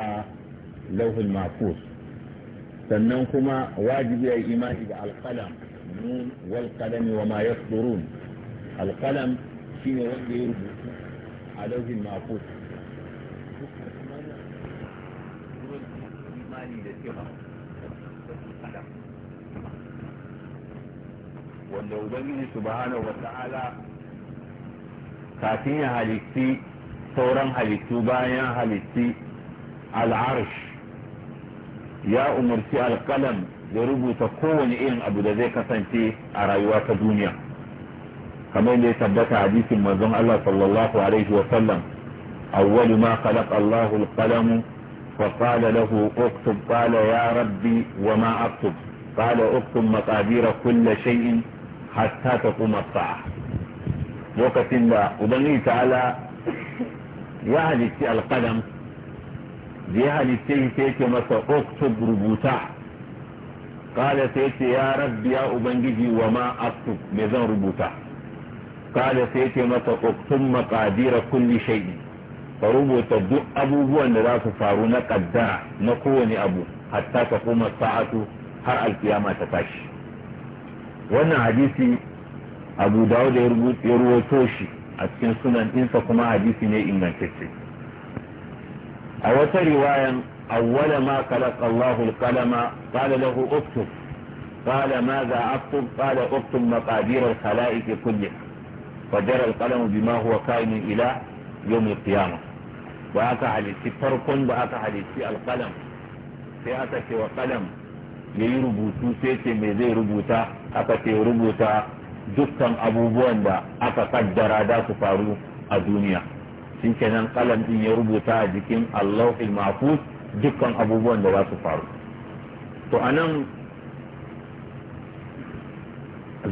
a lauhul mafus sannan kuma wajibi ya yi imani da alkalam nun wal kalami wa ma yasdurun alkalam shine wanda ya rubutu a lauhul makus. wanda ubangiji subhanahu wa ta'ala kafin ya halitti sauran halittu bayan halitti al'arsh ya umarci alƙalam ya rubuta kowane irin abu da zai kasance a rayuwa ta duniya kamar da ya tabbata hadisin manzon Allah sallallahu alaihi wa sallam awwalu ma khalaqa Allahu al-qalam fa qala lahu uktub qala ya rabbi wa ma aktub qala uktub maqadira kulli shay'in hatta taqum as-sa'a lokacin da ubangiji ta'ala ya halicci alqalam da ya halitta shi sai ce masa oktob rubuta kala sai ce ya rabbi ya ubangiji wa ma aktub mai zan rubuta kala sai ce masa oktub makadira kulli shaidi ka rubuta duk abubuwan da za su faru na kaddara na kowane abu hatta ka kuma sa'atu har alkiyama ta tashi wannan hadisi abu dawud ya rubuto shi a cikin sunan ɗinsa kuma hadisi ne ingantacce a wata riwayan awwala ma khalaqa Allahu al-qalama qala lahu uktub قال ماذا أكتب قال أكتب مقادير الخلائق كلها فجرى القلم بما هو كائن إلى يوم القيامة وأتى على فرق وأتى على القلم في وقلم yayi rubutu sai ce me zai rubuta aka ce rubuta dukkan abubuwan da aka kaddara da su faru a duniya shi kenan kalam din ya rubuta a jikin Allah mahfuz dukkan abubuwan da za su faru to anan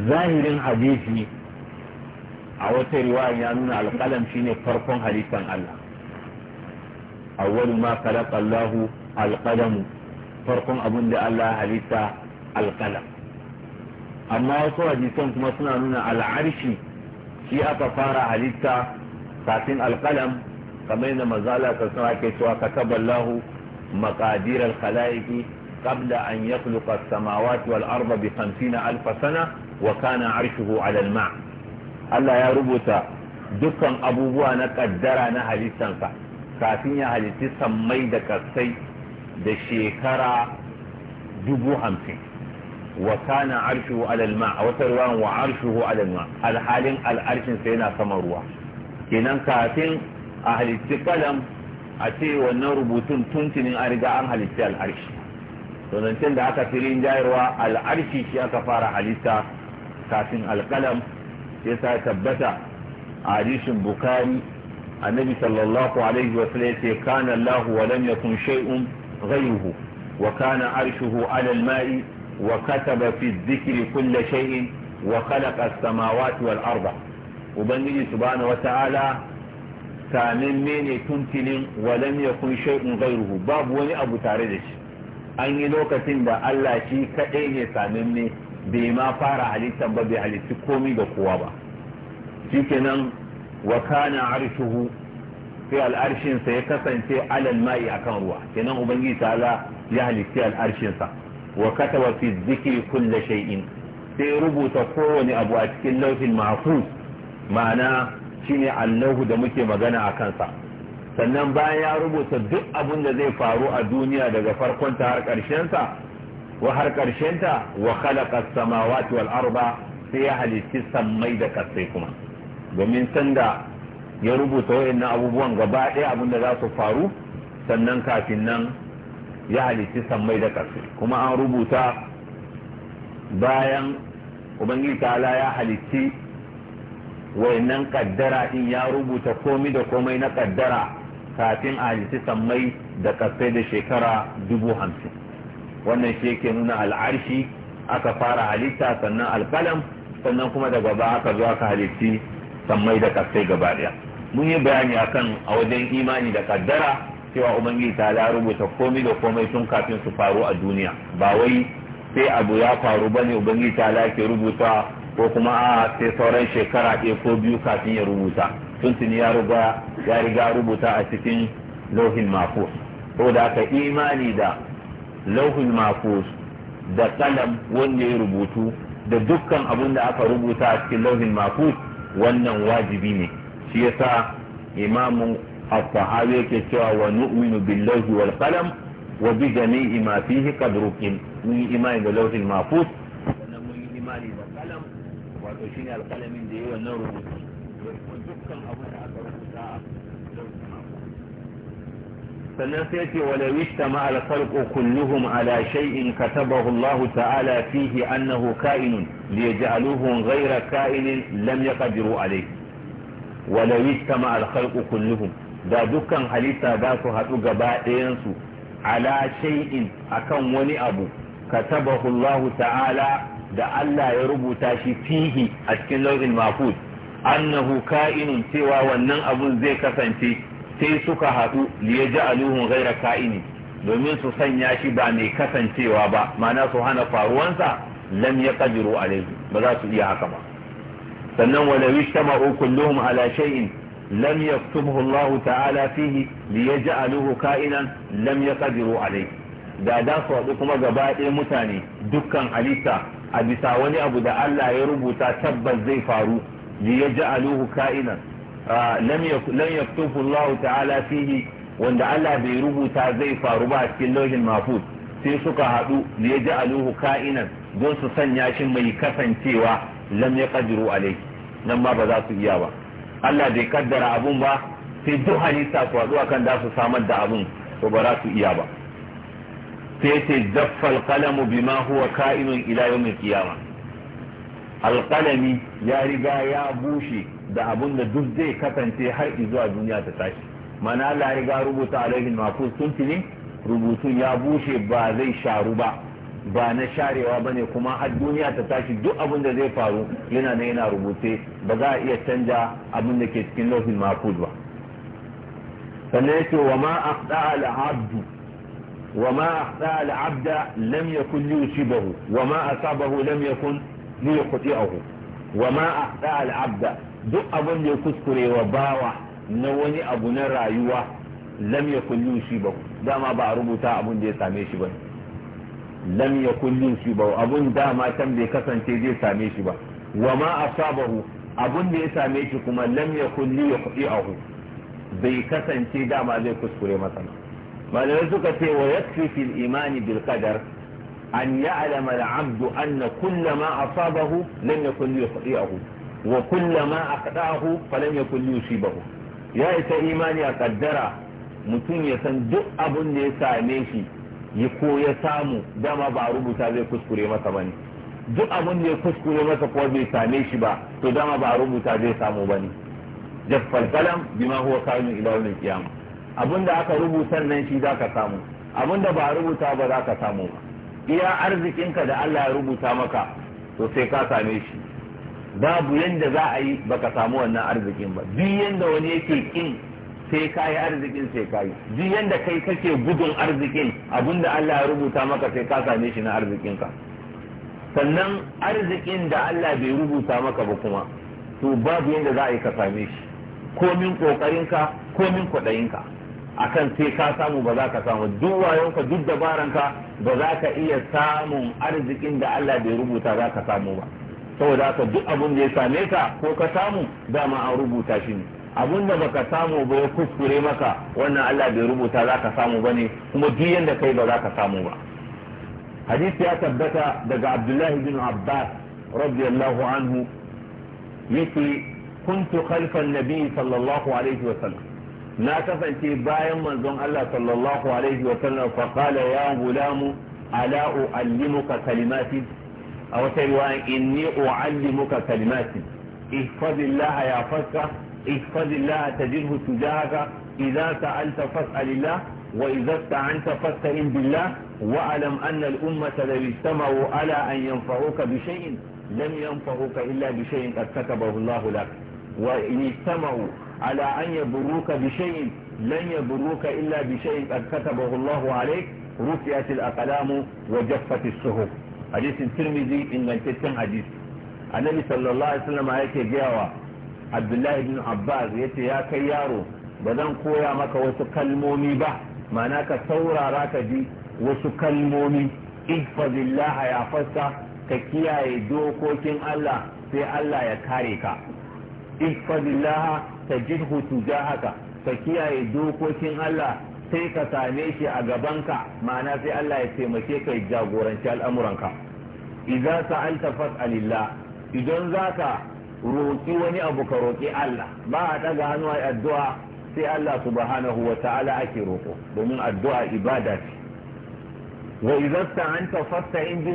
zahirin hadisi a wata riwaya ya nuna alƙalam shine farkon halittar Allah awwalu ma khalaqa allahu alqalam farkon abin da Allah halitta alqalam amma wasu hadisan kuma suna nuna al'arshi shi aka fara halitta kafin alkalam kamar yadda manzo Allah sallallahu alaihi wasallam cewa kataba Allahu maqadir al qabla an yakhluqa as-samawati wal arda bi 50000 sana wa kana 'arshuhu 'ala al-ma' Allah ya rubuta dukkan abubuwa na kaddara na halittansa kafin ya halitti sammai da kasai da shekara dubu hamsin wa kana arshuhu 'ala al-ma' wa tarwan wa arshuhu 'ala al-ma' alhalin al'arshin sai yana sama ruwa kenan kafin a halitti kalam a ce wannan rubutun tuntunin an riga an halitti al'arshi donancin da aka firin jayarwa al'arshi shi aka fara halitta kafin alkalam ya sa tabbata a hadisin bukari annabi sallallahu alaihi wa sallam yace kana Allah wa lam yakun shay'un ghayruhu wa kana arshuhu ala al-ma'i wa kataba fi dhikri kull shay'in wa khalaqa as-samawati wal arda ubangiji subhanahu wata'ala kamin mene tuntunin walam kun shay'un gairuhu. babu wani abu tare da shi an yi lokacin da Allah shi kadai ne samin ne bai ma fara halittar ba bai halitti komi da kowa ba shikenan wa kana arshuhu sai al'arshinsa ya kasance alal ma'i akan ruwa kenan ubangiji ala ya halitti al'arshinsa wa kataba fi dhikri kulle shay'in sai rubuta kowane abu a cikin lauhin mahfuz ma'ana shine allahu da muke magana a kansa sannan bayan ya rubuta duk abin da zai faru a duniya daga farkonta har ƙarshensa wa har ƙarshenta wa khalaqa samawati wal arda sai ya halitti sammai da kasai kuma domin sanda ya rubuta wayannan abubuwan gaba ɗaya abin da za su faru sannan kafin nan ya halitti sammai da kasai kuma an rubuta bayan ubangiji ta'ala ya halitti wayannan kaddara in ya rubuta komai da komai na kaddara kafin a halitta sammai da kasai da shekara dubu hamsin wannan shi yake nuna al'arshi aka fara halitta sannan alkalam sannan kuma daga ba aka zo aka halitti sammai da kasai gaba daya mun yi bayani akan a wajen imani da kaddara cewa ubangiji ta rubuta komai da komai tun kafin su faru a duniya ba wai sai abu ya faru bane ubangiji ta ke rubuta ko kuma a sai sauran shekara ɗaya ko biyu kafin ya rubuta tuntuni ya riga ya riga rubuta a cikin lauhin mafus da aka imani da lauhin mafus da kalam wanda ya rubutu da dukkan abin da aka rubuta a cikin lauhin mafus wannan wajibi ne shi yasa imamu as-sahabi yake cewa wa nu'minu billahi wal qalam wa bi jami'i ma fihi imani da lauhin mafus to shine alƙalamin da yayi wannan rubutu dukkan abu da aka rubuta sannan sai ce wala wista ma alfarko kulluhum ala shay'in katabahu Allah ta'ala fihi annahu ka'inun li yaj'aluhu ghayra ka'inin lam yaqdiru alayh wala wista ma kulluhum da dukkan halitta za su haɗu gaba ɗayansu ala shay'in akan wani abu katabahu Allah ta'ala da Allah ya rubuta shi fihi a cikin lauhin mahfuz annahu ka'inun cewa wannan abun zai kasance sai suka haɗu liyaj'aluhu ghaira ka'ini domin su sanya shi ba mai kasancewa ba ma'ana su hana faruwansa lam yaqdiru alayhi ba za su iya haka ba sannan wala yajtama'u kulluhum ala shay'in lam yaktubhu Allah ta'ala fihi liyaj'aluhu ka'inan lam yaqdiru alayhi da za su kuma gaba ɗaya mutane dukkan halitta a bisa wani abu da Allah ya rubuta tabbas zai faru li yaj'aluhu ka'inan ah, lam lam yaktubu Allah ta'ala fihi wanda Allah bai rubuta zai faru ba a cikin lauhin mahfuz sai suka haɗu li yaj'aluhu ka'inan don su sanya shi mai kasancewa lam yaqdiru alai nan ma ba za su iya ba Allah bai kaddara abun ba sai duk halitta su haɗu akan da su samar da abun to ba za su iya ba sai ce alƙalamu bi bima huwa ka'inun ila mai kiyama alƙalami ya riga ya bushe da abun da duk zai kasance har zuwa duniya ta tashi mana Allah riga rubuta alaihi mafi sun tuni rubutun ya bushe ba zai sharu ba ba na sharewa ba ne kuma har duniya ta tashi duk abin da zai faru yana na yana rubuce ba za a iya canja abin da ke cikin lauhin mafi ba sannan ce wa ma aqda al'adu. وما أخطأ العبد لم يكن ليصيبه وما أصابه لم يكن ليخطئه وما أخطأ العبد duk abin da ya kuskure wa bawa na wani abu na rayuwa lam ya kulli shi ba dama ba a rubuta abin da ya same shi ba lam ya kulli shi ba abin dama can bai kasance zai same shi ba wa ma asabahu abin da ya same shi kuma lam ya kulli ya bai kasance dama zai kuskure masa ba malamai suka ce wa yakfi fil imani bil qadar an ya'lama al abdu anna kullama asabahu lam yakun yukhti'ahu wa kullama aqda'ahu falam yakun yusibahu ya ita imani a kaddara mutum ya san duk abin da ya same shi ya ko ya samu dama ba rubuta zai kuskure masa bane duk abin da ya kuskure masa ko bai same shi ba to dama ba rubuta zai samu bane jaffal kalam bima huwa kainu ila iya qiyamah da aka rubuta nan shi za ka samu da ba rubuta ba za ka samu iya arzikinka da Allah ya rubuta maka to sai ka same shi babu yanda za a yi baka samu wannan arzikin ba duk yanda wani yake kin sai ka yi arzikin sai ka yi duk yanda kai kake gudun arzikin da Allah ya rubuta maka sai ka same shi na arzikinka sannan arzikin da Allah bai rubuta maka ba kuma to babu yanda za a yi ka same shi komin kokarinka komin kwaɗayinka akan sai ka samu ba za ka samu duk wayonka duk dabaranka ba za ka iya samun arzikin da Allah bai rubuta za ka samu ba saboda haka duk abin da ya same ka ko ka samu dama an rubuta shi ne abun da baka samu ba ya kuskure maka wannan Allah bai rubuta za ka samu ba ne kuma duk yanda kai ba za ka samu ba hadisi ya tabbata daga Abdullahi bin Abbas radiyallahu anhu yake kuntu khalfa an-nabi sallallahu alaihi wa sallam na kasance bayan manzon Allah sallallahu alaihi wa sallam fa qala ya gulamu ala uallimuka kalimati a wata riwaya inni uallimuka kalimati ihfazillah ya fasa ihfazillah tajidhu tujahaka idza sa'alta fas'alillah wa idza ista'anta fasta'in billah wa alam anna al-ummata law istama'u ala an yanfa'uka bi shay'in lam yanfa'uka illa bi shay'in qad katabahu Allah lak wa in istama'u ala an yabruka bi shay'in lan illa bi shay'in qad katabahu Allahu alayk rufiyat al-aqlamu wa jaffat as-suhuf hadisin Tirmidhi annabi sallallahu alaihi wasallam yake gayawa Abdullahi ibn Abbas yace ya kai yaro ba zan koya maka wasu kalmomi ba ma'ana ka saurara ka ji wasu kalmomi ihfazillaha ya fassa ka kiyaye dokokin Allah sai Allah ya kare ka ihfazillah tajidhu tujahaka ka kiyaye dokokin Allah sai ka same shi a gabanka ma'ana sai Allah ya taimake ka ya jagoranci al'amuranka idza sa'alta fas'alillah idan zaka roki wani abu ka roki Allah ba a daga hannu a addu'a sai Allah subhanahu wa ta'ala ake roko domin addu'a ibada ce wa idza sta'anta fasta'in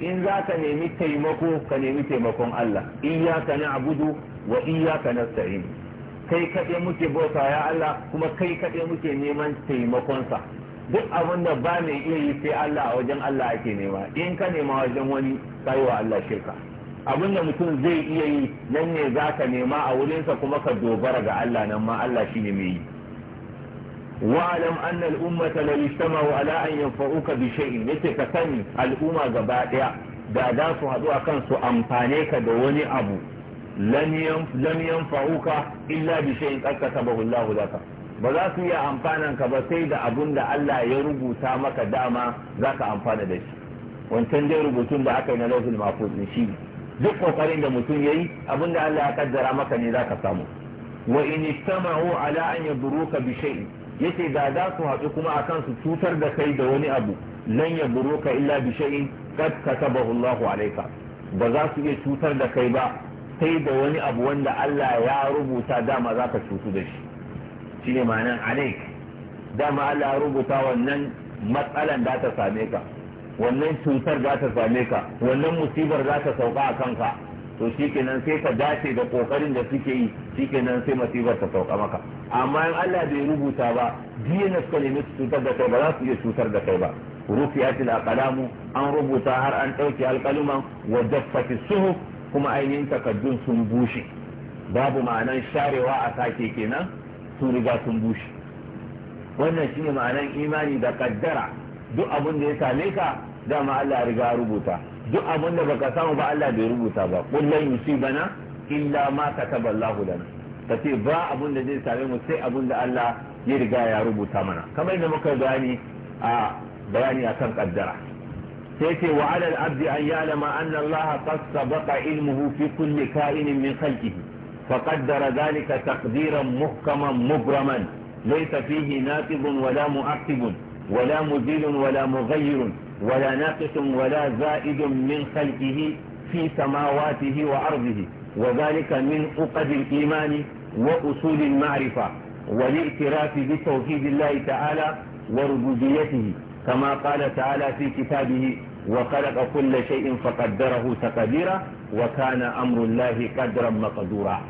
in za ka nemi taimako ka nemi taimakon Allah iyyaka na'budu wa iyyaka nasta'in kai kaɗai muke bauta ya Allah kuma kai kaɗai muke neman taimakonsa duk abin da ba mai iya yi sai Allah a wajen Allah ake nema in ka nema wajen wani kai wa Allah shirka abin da mutum zai iya yi nan ne za ka nema a wurinsa kuma ka dogara ga Allah nan ma Allah shi ne mai yi wa'alam anna al'ummata la yajtama'u ala an yanfa'uka bi shay'in yace ka sani al'umma gaba daya da za su haɗu akan su amfane ka da wani abu lam yanfa'uka illa bi shay'in qad katabahu ba za su iya amfanan ka ba sai da abun da Allah ya rubuta maka dama za ka amfana da shi wancan dai rubutun da aka yi na lauhul mahfuz ne shi duk kokarin da mutum yayi abun da Allah ya kaddara maka ne za ka samu wa in istama'u ala an yadruka bi shay'in yace da za su haɗu kuma a kansu cutar da kai da wani abu lan ya ka illa bi shay'in kad katabahu Allahu alayka ba za su iya cutar da kai ba sai da wani abu wanda Allah ya rubuta dama za ka cutu da shi shine ma'anan da dama Allah ya rubuta wannan matsalan da ta same ka wannan cutar da ta same ka wannan musibar za ta sauka a kanka to shikenan sai ka dace da kokarin da suke yi shikenan sai musibar ta sauka maka amma in Allah bai rubuta ba na suka nemi su cutar da kai ba za su iya cutar da kai ba rufiyatil aqlamu an rubuta har an ɗauke alƙaluman wa jaffati suhu kuma ainihin takaddun sun bushe babu ma'anan sharewa a sake kenan sun riga sun bushe wannan shine ma'anan imani da kaddara duk abin da ya same ka dama Allah riga rubuta duk abin da baka samu ba Allah bai rubuta ba kullun yusibana illa ma kataballahu lana ka ce ba abun da zai same mu sai abun da Allah ya riga ya rubuta mana kamar da muka gani a bayani akan kaddara sai ce wa alal abdi an ya'lama anna Allah qad sabaqa ilmuhu fi kulli ka'inin min khalqihi fa qaddara dhalika taqdiran muhkaman mugraman laysa fihi naqibun wala wala ولا wala ولا wala ولا wala ولا زائد من خلقه في wa وأرضه وذلك من عقد الإيمان وأصول المعرفة والاعتراف بتوحيد الله تعالى وربوبيته كما قال تعالى في كتابه وخلق كل شيء فقدره تقديرا وكان أمر الله قدرا مقدورا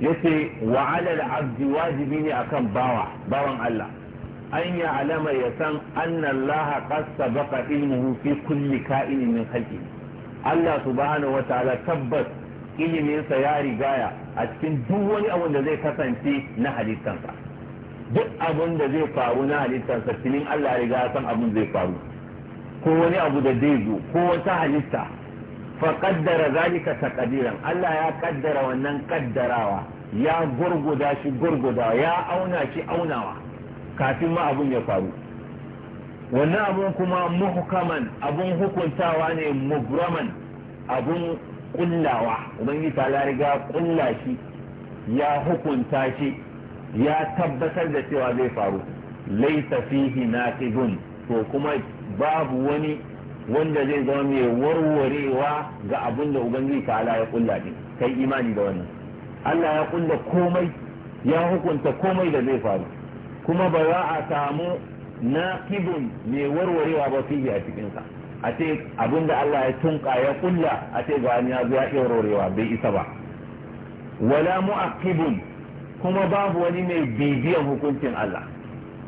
يسري وعلى العبد واجبين أكم باوا باوع الله أن يعلم يسان أن الله قد سبق علمه في كل كائن من خلقه الله سبحانه وتعالى ثبت iliminsa ya rigaya a cikin duk wani abun da zai kasance na halittansa duk abun da zai faru na halittansa cinin Allah riga ya san abun zai faru ko wani abu da zai zo ko wata halitta fa kaddara zalika taqdiran Allah ya kaddara wannan kaddarawa ya gurguda shi gurguda ya auna shi aunawa kafin ma abun ya faru wannan abun kuma muhkaman abun hukuntawa ne mugraman abun kullawa ubangiji ta riga kulla shi ya hukunta shi ya tabbatar da cewa zai faru laita fihi naqidun to kuma babu wani wanda zai zama mai warwarewa ga abin da ubangiji ta ya kulla din kai imani da wannan Allah ya kulla komai ya hukunta komai da zai faru kuma ba za a samu naqidun mai warwarewa ba fihi a cikinsa a ce abin da Allah ya tunka ya kulla a ce ga ya zo ya rorewa bai isa ba wala mu'aqibun kuma babu wani mai bibiyan hukuncin Allah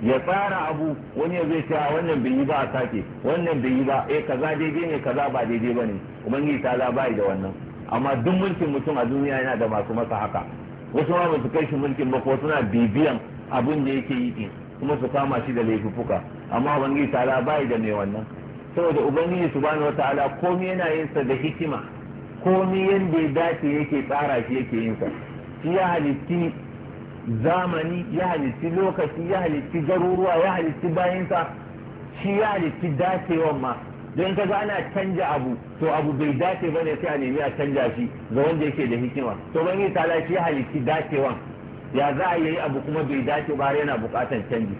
ya tsara abu wani zai ce wannan bai yi ba a sake wannan bai yi ba eh kaza daidai ne kaza ba daidai ba ne ubangiji ta la bai da wannan amma duk mulkin mutum a duniya yana da masu masa haka wasu ma ba su kai shi mulkin ba ko suna bibiyan abin da yake yi kuma su kama shi da laifuka amma ubangiji ta la bai da mai wannan saboda ubangiji subhanahu wataala komai yana yin sa da hikima komai yanda ya dace yake tsara shi yake yin sa shi ya halitti zamani ya halitti lokaci ya halitti garuruwa ya halitti sa shi ya halitti dacewan ma don ka ga ana canja abu to abu bai dace ba sai a nemi a canja shi ga wanda yake da hikima to ban yi tala shi ya halitti dacewan ya za a yi abu kuma bai dace ba yana bukatan canji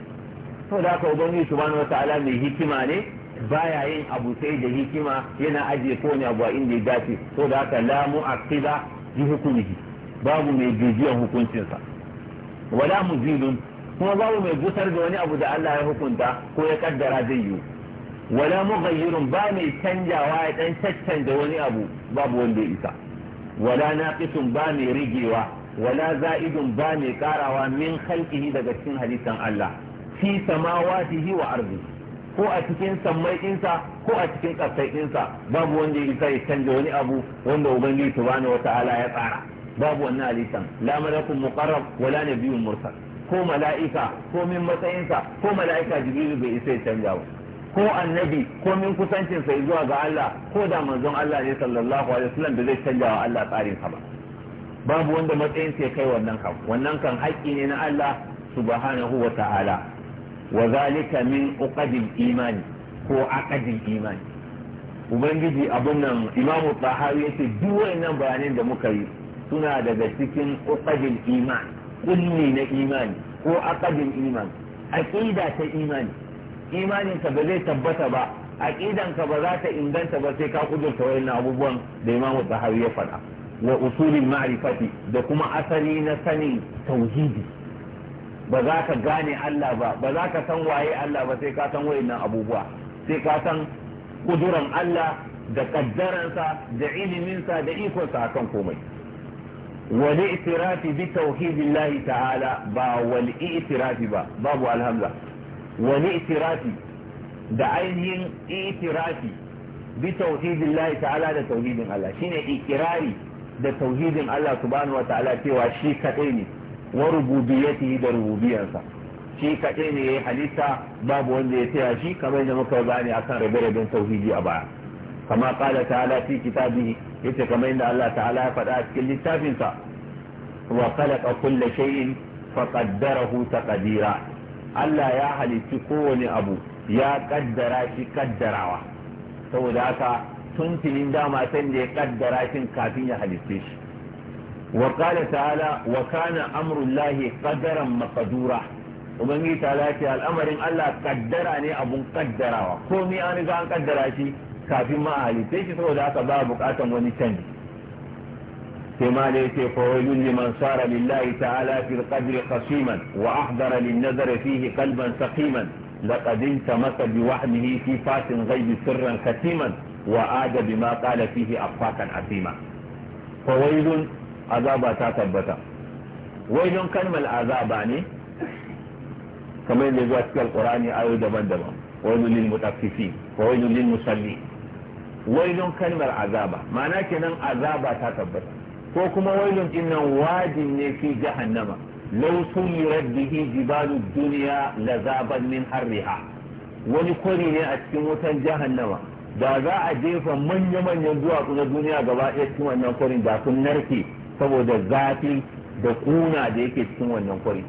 to da haka ubangiji subhanahu wataala mai hikima ne baya yin abu sai da hikima yana ajiye ne abu a inda ya dace so da haka la aqida bi hukmihi babu mai hukuncin hukuncinsa wala muzilun kuma babu mai gusar da wani abu da Allah ya hukunta ko ya kaddara zai yi wala mughayyirun ba mai canjawa ya dan da wani abu babu wanda ya isa wala naqisun ba mai rigewa wala za'idun ba mai karawa min khalqihi daga cikin halittan Allah fi samawatihi wa ardihi ko a cikin sammai ɗinsa ko a cikin ƙasai ɗinsa babu wanda ya isa ya canja wani abu wanda ubangiji subhanahu wataala ya tsara babu wannan halittan la malakun muqarrab wala nabiyyun mursal ko mala'ika ko min matsayinsa ko mala'ika jibrilu bai isa ya canja ba ko annabi ko min kusancin zuwa ga Allah ko da manzon Allah ne sallallahu alaihi wasallam da zai canja wa Allah tsarin sa ba babu wanda matsayin ya kai wannan kan wannan kan haƙƙi ne na Allah subhanahu wa ta'ala wa zalika min uqadil imani ko aqadil imani ubangiji abun nan imamu tahawi yace duk nan bayanan da muka yi suna daga cikin uqadil iman kulli na imani ko aqadil iman aqida ta imani imanin ka ba zai tabbata ba aqidan ka ba za ta inganta ba sai ka kudurta wayannan abubuwan da imamu tahawi ya faɗa wa usulin ma'rifati da kuma asali na sanin tauhidi ba za ka gane Allah ba ba za ka san waye Allah ba sai ka san wayannan abubuwa sai ka san kuduran Allah da kaddaransa da iliminsa da ikonsa kan komai wal i'tirafi bi tauhidillahi ta'ala ba wal i'tirafi ba babu alhamza wani i'tirafi da ainihin i'tirafi bi tauhidillahi ta'ala da tauhidin Allah shine ikirari da tauhidin Allah subhanahu wa ta'ala cewa shi kadai ne wa rububiyatihi da rububiyarsa shi kaɗai ne yayi halitta babu wanda ya taya shi kamar da muka bayani akan rabe-raben tauhidi a baya kama kala ta'ala fi kitabihi yace kamar yadda Allah ta'ala ya faɗa a cikin littafinsa wa khalaqa kulla shay'in faqaddarahu taqdira Allah ya halitti kowane abu ya kaddara shi kaddarawa saboda haka tuntunin dama san ya kaddara shi kafin ya halitte shi وقال تعالى وكان أمر الله قدرا مقدورا وبنجي تعالى الأمر إن الله قدرني أبو قدرا قومي أنا كان قدرا شيء كافي ما علي تيجي تقول ده كباب وقاتم ونتني كما ليس فويل لمن صار لله تعالى في القدر قسيما وأحضر للنذر فيه قلبا سقيما لقد انت انتمس بوحمه في فات غيب سرا كتيما وعاد بما قال فيه افاقا عثيما فويل azaba ta tabbata wai don kalmar azaba ne kamar yadda zuwa cikin alkurani ayoyi daban-daban wailun lil mutaffifin wa wailun lil musalli don kalmar azaba ma'ana kenan azaba ta tabbata ko kuma don din nan wajin ne fi jahannama law suyirat bihi jibalu dunya lazaban min harriha wani kori ne a cikin wutan jahannama da za a jefa manya-manyan duwatsu na duniya gaba ɗaya cikin wannan kwarin da sun narke saboda zafi da kuna da yake cikin wannan kwari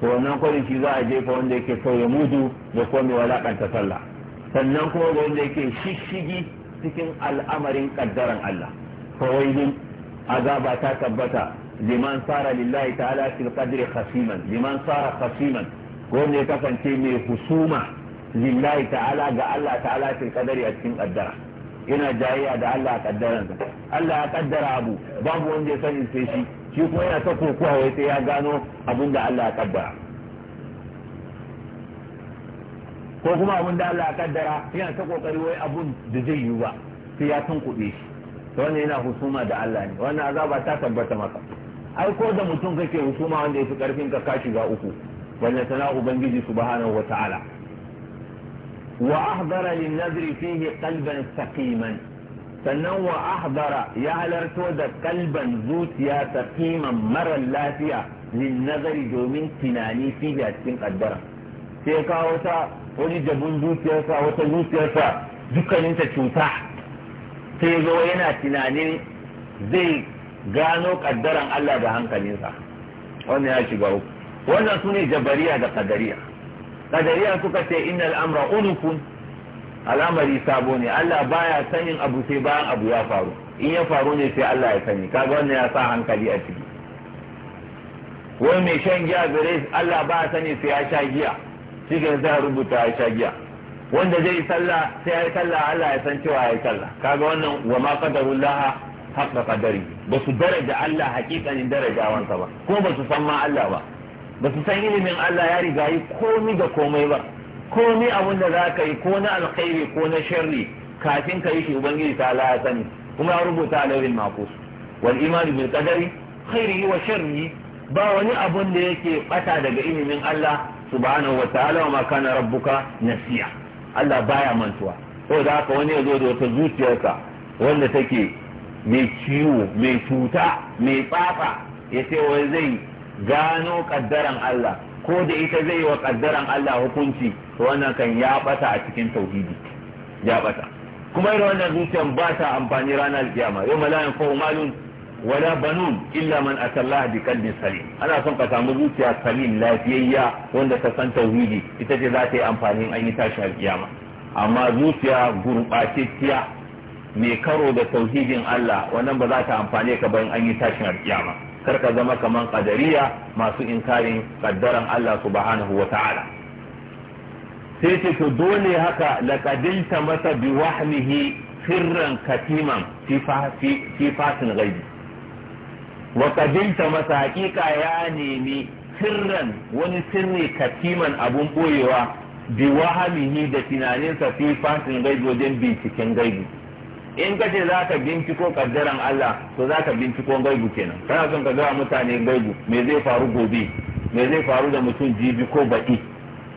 to wannan kwari shi za a jefa wanda yake sauya mudu da kome walakanta sallah sannan kuma da wanda yake shishigi cikin al'amarin kaddaran Allah fawailin azaba ta tabbata liman sara lillahi ta'ala fil qadri khasiman liman sara khasiman wanda ya kasance mai husuma lillahi ta'ala ga Allah ta'ala fil qadri a cikin kaddara yana jayayya da Allah a kaddaransa Allah ya kaddara abu babu wanda ya sani sai shi shi kuma yana ta kokowa wai sai ya gano abin da Allah ya kaddara ko kuma abin da Allah ya kaddara yana ta kokari wai abun da zai yi ba sai ya tunkuɗe shi wannan yana husuma da Allah ne wannan azaba ta tabbata maka ai ko da mutum kake husuma wanda ya fi karfin ka kashi shiga uku wannan sana'u ubangiji subhanahu wataala وأحضر للنذر فيه قلبا سقيما sannan wa ya halarto da kalban zuciya ta kiman marar lafiya lin nazari domin tunani fiye a cikin kaddara sai wata wani jabun zuciyarsa wata zuciyarsa dukkaninta cuta sai yana tunanin zai gano kaddaran Allah da hankalinsa wannan ya shiga jabariya da kadariya kadariya suka ce innal amra unufun al'amari sabo ne Allah baya sanin abu sai bayan abu ya faru in ya faru ne sai Allah ya sani kaga wannan ya sa hankali a ciki wai mai shan giya gare Allah baya sani sai ya sha giya shi ke za rubuta ya sha giya wanda zai sallah sai ya yi sallah Allah ya san cewa ya yi sallah kaga wannan wa ma qadarullaha haqqa qadari ba su daraja Allah hakikanin darajawansa ba ko ba su san ma Allah ba ba su san ilimin Allah ya riga yi komi da komai ba komi abun da za ka yi ko na alkhairi ko na sharri kafin ka yi shi ubangiji ta Allah ya sani kuma ya rubuta alawin maqus wal iman bil qadari khairihi wa sharrihi ba wani abun da yake bata daga ilimin Allah subhanahu wa ta'ala wa ma kana rabbuka nasiya Allah baya mantuwa da haka wani ya zo da wata zuciyarsa wanda take mai ciwo mai cuta mai tsafa ya ce wai zai gano kaddaran Allah ko da ita zai wa kaddaran Allah hukunci to wannan kan ya bata a cikin tauhidi ya bata kuma irin wannan zuciyan ba ta amfani ranar kiyama yau malayan ko malun wala banun illa man atallah bi qalbin salim ana son ka samu zuciya salim lafiyayya wanda ta san tauhidi ita ce za ta yi amfani an yi tashi alkiyama amma zuciya gurbatacciya mai karo da tauhidin Allah wannan ba za ta amfane ka in an yi tashin alkiyama karka zama kaman kadariya masu inkarin kaddaran Allah subhanahu wa ta'ala sai ce to dole haka laqadilta masa bi wahmihi firran katiman fi fasin gaibi wa masa haƙiƙa ya nemi sirran wani sirri katiman abun ɓoyewa bi wahamihi da tunaninsa fi fasin gaibi wajen binciken gaibi in ka ce za ka binciko kaddaran Allah to za ka binciko gaibu kenan kana son ka gawa mutane gaibu me zai faru gobe me zai faru da mutum jibi ko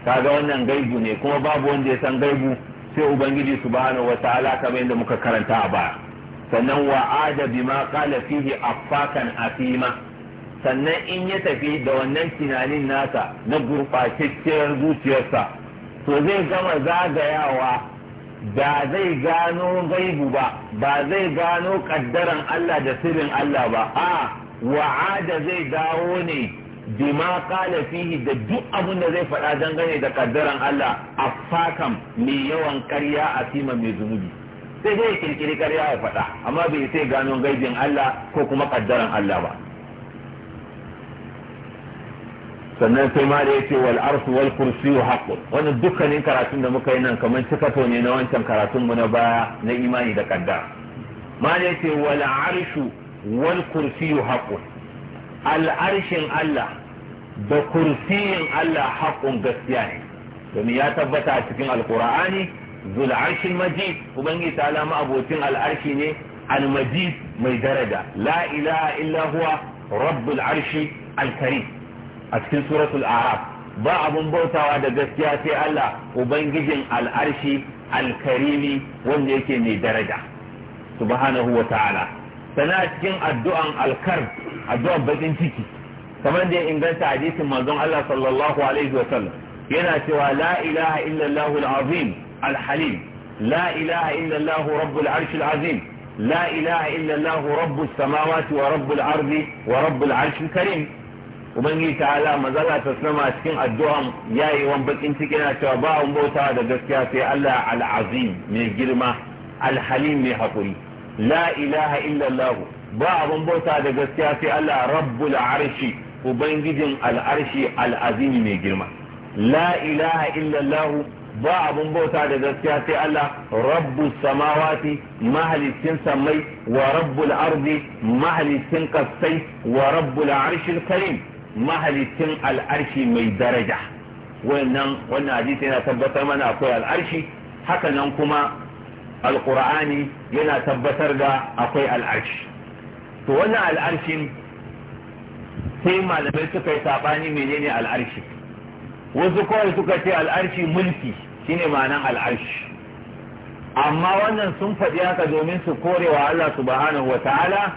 Ka ga wannan gaibu ne kuma babu wanda ya san gaibu sai ubangiji subhanahu ta'ala kamar yadda muka karanta a baya sannan ada bima qala fihi afakan afima sannan in ya tafi da wannan tunanin nasa na gurɓatacciyar zuciyarsa to zai gama zagayawa ba zai gano gaibu ba ba zai gano kaddaran Allah da sirrin Allah ba a wa'ada zai dawo ne bima qala fihi da duk abun da zai faɗa dangane da kaddaran Allah a afakam mai yawan ƙarya a sima mai zunubi sai dai kirkiri ƙarya ya faɗa amma bai sai gano gaibin Allah ko kuma kaddaran Allah ba sannan sai ma da yace wal arsu wal kursi haqqun wannan dukkanin karatun da muka yi nan kamar cikato ne na wancan karatun mu na baya na imani da kadda ma da yace wal arshu wal kursi haqqun al arshin Allah da kursiyin Allah haqqun gaskiya ne domin ya tabbata a cikin alqur'ani zul arshin majid ubangiji ta alama abokin al arshi ne al majid mai daraja la ilaha illa huwa rabbul arshi al karim a cikin suratul araf ba abun bautawa da gaskiya sai Allah ubangijin al'arshi alkarimi wanda yake mai daraja subhanahu wa ta'ala sana cikin addu'an alkar addu'an bakin ciki kamar da ya inganta hadisin manzon Allah sallallahu alaihi wa sallam yana cewa la ilaha illallah al-azim al-halim la ilaha illallah rabbul arsh al-azim la ilaha illallah rabbus samawati wa rabbul ardi wa rabbul arsh al-karim ubangiji ta'ala mazala ta sama cikin addu'an yayi wan bakin ciki na cewa ba an bauta da gaskiya sai Allah al-azim mai girma al-halim mai hakuri la ilaha illa Allah ba abun bauta da gaskiya sai Allah rabbul arshi ubangijin al-arshi al-azim mai girma la ilaha illa Allah ba abun bauta da gaskiya sai Allah rabbus samawati mahalicin samai wa rabbul ardi mahalicin kasai wa rabbul arshil karim mahalicin al'arshi mai daraja wannan wannan hadisi yana tabbatar mana akwai al'arshi haka nan kuma Alƙur'ani yana tabbatar da akwai al'arshi to wannan al'arshin sai malamai suka yi saɓani menene al'arshi wasu kawai suka ce al'arshi mulki shine ma'anan al'arshi amma wannan sun faɗi haka domin su korewa Allah subhanahu wa ta'ala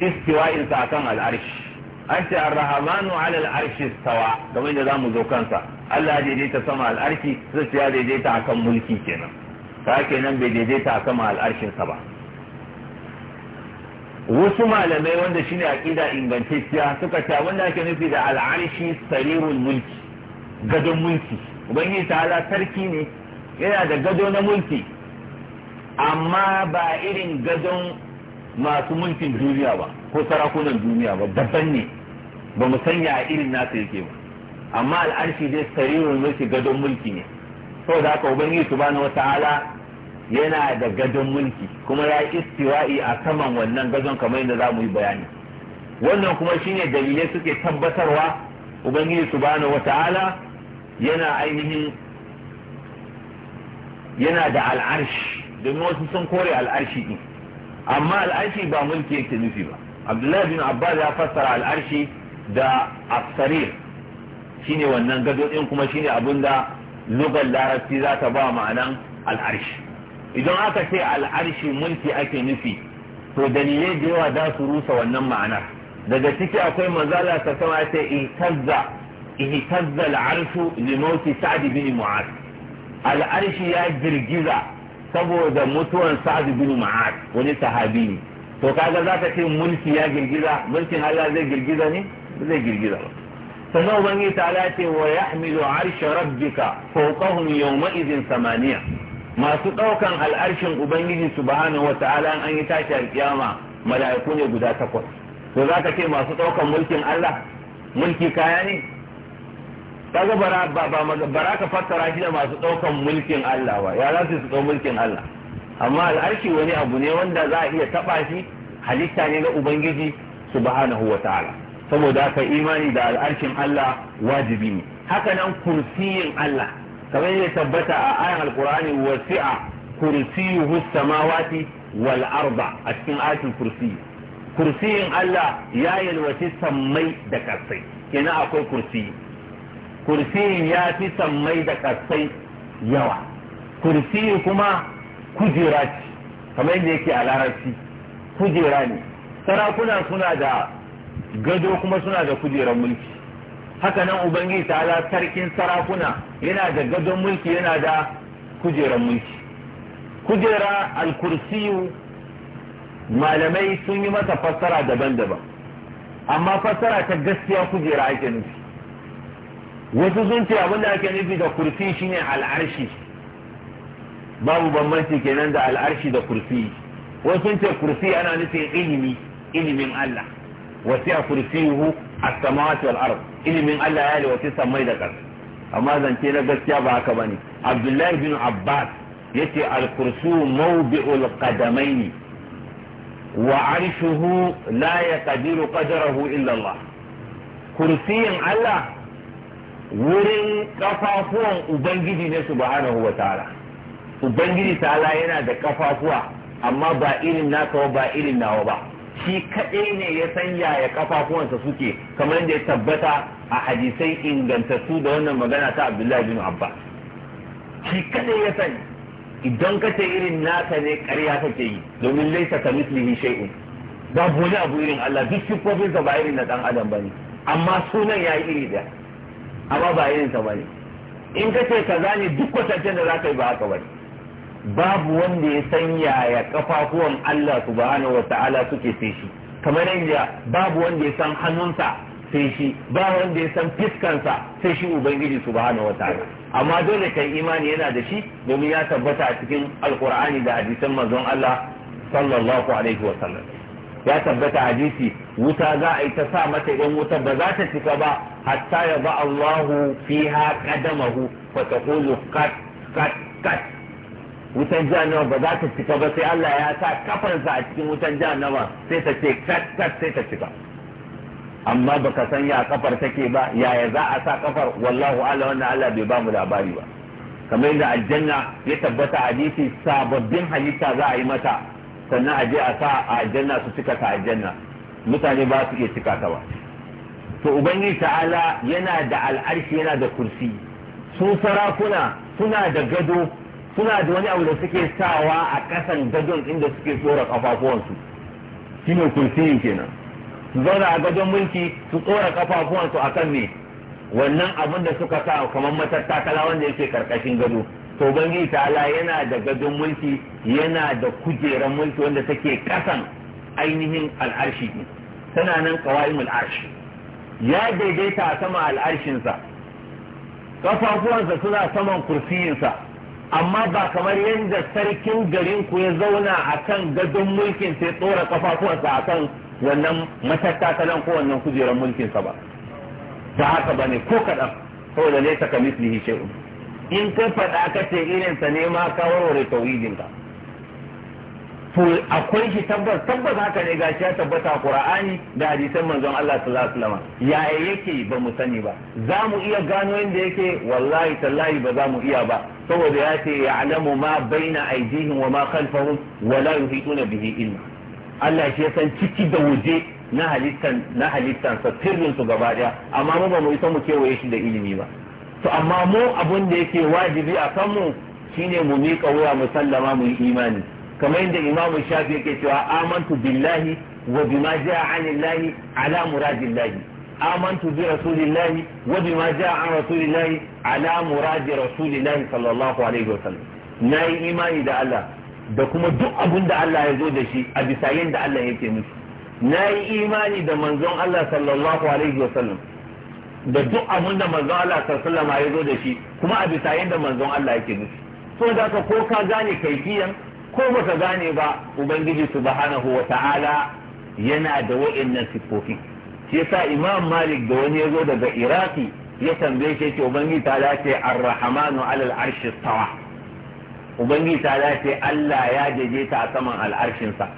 istiwa'insa akan al'arshi an ce ar-rahmanu 'ala al-arshi stawa game da zamu zo kansa Allah ya daidaita sama al'arki arshi ya daidaita akan mulki kenan ta kenan bai daidaita a sama arshin sa ba wasu malamai wanda shine aqida ingantacciya suka ce wanda ake nufi da al'arshi sarirun mulki gadon mulki ubangiji ta'ala sarki ne yana da gado na mulki amma ba irin gadon masu mulkin duniya ba ko sarakunan duniya ba daban ne ba mu sanya a irin nasa yake ba amma al'arshi dai sarirun mulki gadon mulki ne da haka ubangiji subhanahu wata'ala yana da gadon mulki kuma ya istiwa'i a saman wannan gadon kamar yadda za mu yi bayani wannan kuma shine dalilai suke tabbatarwa ubangiji subhanahu wata'ala yana ainihin yana da al'arshi domin wasu sun kore al'arshi din amma al'arshi ba mulki yake nufi ba abdullahi bin abbas ya fassara al'arshi da asarir ne wannan gado ɗin kuma shine abin da lugar larabci za ta ba ma'anan al'arshi idan aka ce al'arshi mulki ake nufi to dalilai da yawa za su rusa wannan ma'anar daga ciki akwai manzala ta sama ce ihtazza ihtazza al'arshu li mauti sa'd bin mu'az al'arshi ya girgiza saboda mutuwan sa'd bin mu'az wani sahabi ne to kaga za ta ce mulki ya girgiza mulkin Allah zai girgiza ne zai girgiza ba sannan ubangiji ta ce wa yahmilu arsha rabbika fawqahum yawma idhin samaniya masu daukan al'arshin ubangiji subhanahu wa ta'ala an yi tashi alkiyama mala'iku ne guda takwas to zaka ce masu daukan mulkin Allah mulki kaya ne kaga bara ba ka fassara shi da masu daukan mulkin Allah ba ya za su su mulkin Allah amma al'arshi wani abu ne wanda za a iya taba shi halitta ne na ubangiji subhanahu wa ta'ala saboda haka imani da al'arshin Allah wajibi ne haka nan kursiyin Allah kamar yadda tabbata a ayan alqur'ani wasi'a kursiyuhu samawati wal arda a cikin ayatul kursi kursiyin Allah ya yalwaci sammai da kasai kenan akwai kursi kursiyin ya fi sammai da kasai yawa kursi kuma kujera ce kamar yadda yake a larabci kujera ne sarakuna suna da gado kuma suna da kujerar mulki haka nan ubangiji Tala sarkin sarakuna yana da gadon mulki yana da kujerar mulki kujera alkursiyu malamai sun yi masa fassara daban-daban amma fassara ta gaskiya kujera ake nufi wasu sun ce abin da ake nufi da kursi shine al'arshi babu bambanci kenan da al'arshi da kursi wasu sun ce kursi ana nufin ilimi ilimin Allah wasi'a kursiyuhu a samawati wal ard ilimin Allah ya yi wasu samai da ƙasa amma zance na gaskiya ba haka bane Abdullahi bin Abbas yace al-kursu mawdi'ul qadamaini wa arshuhu la yaqdiru qadrahu illa Allah kursiyin Allah wurin kafafuwan ubangiji ne subhanahu wa ta'ala ubangiji ta'ala yana da kafafuwa amma ba irin naka ba irin nawa ba shi kaɗai ne ya sanya ya kafafuwansa suke kamar da ya tabbata a hadisai ingantattu da wannan magana ta abdullahi bin abba shi kaɗai ya sani idan ka ce irin naka ne ƙarya kake yi domin laisa ka mislihi shay'un babu wani abu irin Allah duk siffofin ba irin na dan adam bane amma sunan yayi iri da amma ba irin ba bane in ka ce kaza ne duk kwatancen da zaka yi ba haka bane babu wanda ya san yaya kafafuwan Allah subhanahu wa ta'ala suke sai shi kamar yadda babu wanda ya san hannunsa sai shi ba wanda ya san fiskansa sai shi ubangiji subhanahu wa ta'ala amma dole kai imani yana da shi domin ya tabbata a cikin alkur'ani da hadisan manzon Allah sallallahu alaihi wa sallam ya tabbata hadisi wuta za a yi ta sa mata ɗan wuta ba za ta cika ba hatta ya ba Allahu fiha qadamahu fa taqulu kat kat wutan jahannama ba za ta cika ba sai Allah ya sa kafarsa a cikin wutan jahannama sai ta ce kat kat sai ta cika amma ba ka san ya kafar take ba yaya za a sa kafar wallahu ala wanda Allah bai ba mu labari ba kamar yadda aljanna ya tabbata a hadisi sababbin halitta za a yi mata sannan a je a sa a aljanna su cika ta aljanna mutane ba su iya cika ta ba to ubangiji ta'ala yana da al'arshi yana da kursi su sarakuna suna da gado suna da wani abu da suke sawa a ƙasan gadon inda suke tsora kafafuwansu ne kursiyin kenan su zauna a gadon mulki su tsora kafafuwansu akan me wannan abin da suka sa kamar matattakala wanda yake karkashin gado to bangi ala yana da gadon mulki yana da kujeran mulki wanda take kasan ainihin al'arshi tana nan qawaimul al'arshi. ya daidaita sama sama al'arshinsa kafafuwansa suna saman sa amma ba kamar yadda sarkin garin ku ya zauna a kan gadon mulkin sai tsora kafafuwansa a kan wannan nan ko wannan kujerar mulkinsa ba ba haka ba ne ko kaɗan saboda ta ka mislihi shay'un in ka faɗa ka ce irinsa ne ma ka warware tauhidinka to akwai shi tabbas tabbas haka ne gashi ya tabbata Qur'ani da hadisan manzon Allah sallallahu alaihi wasallam yaya yake ba mu sani ba za mu iya gano inda yake wallahi tallahi ba za mu iya ba saboda ya ce ya'lamu ma baina aydihim wa ma khalfahum wa la yuhituna bihi ilma Allah shi ya san ciki da waje na halittan na halittan sa sirrin su gaba daya amma mu ba mu isa mu kewaye shi da ilimi ba to amma mu abun da yake wajibi a kanmu shine mu miƙa wuya mu sallama mu yi imani kamar yadda imamu shafi yake cewa amantu billahi wa bima jaa anillahi ala muradillahi amantu bi rasulillahi wa bima jaa an rasulillahi ala muradi rasulillahi sallallahu alaihi wasallam nayi imani da Allah da kuma duk abin da Allah ya zo da shi a bisa yadda Allah yake nufi nayi imani da manzon Allah sallallahu alaihi wasallam da duk abin da manzon Allah sallallahu alaihi wasallam ya zo da shi kuma a bisa yadda manzon Allah yake nufi so da ka ko ka gane kaifiyan ko ba ta gane ba ubangiji subhanahu wa ta'ala yana da wa'annan sifofi shi yasa imam malik da wani ya zo daga iraki ya tambaye shi ce ubangiji ta lace ar-rahmanu alal arshi tawa ubangiji ta lace Allah ya jejeta a saman al'arshinsa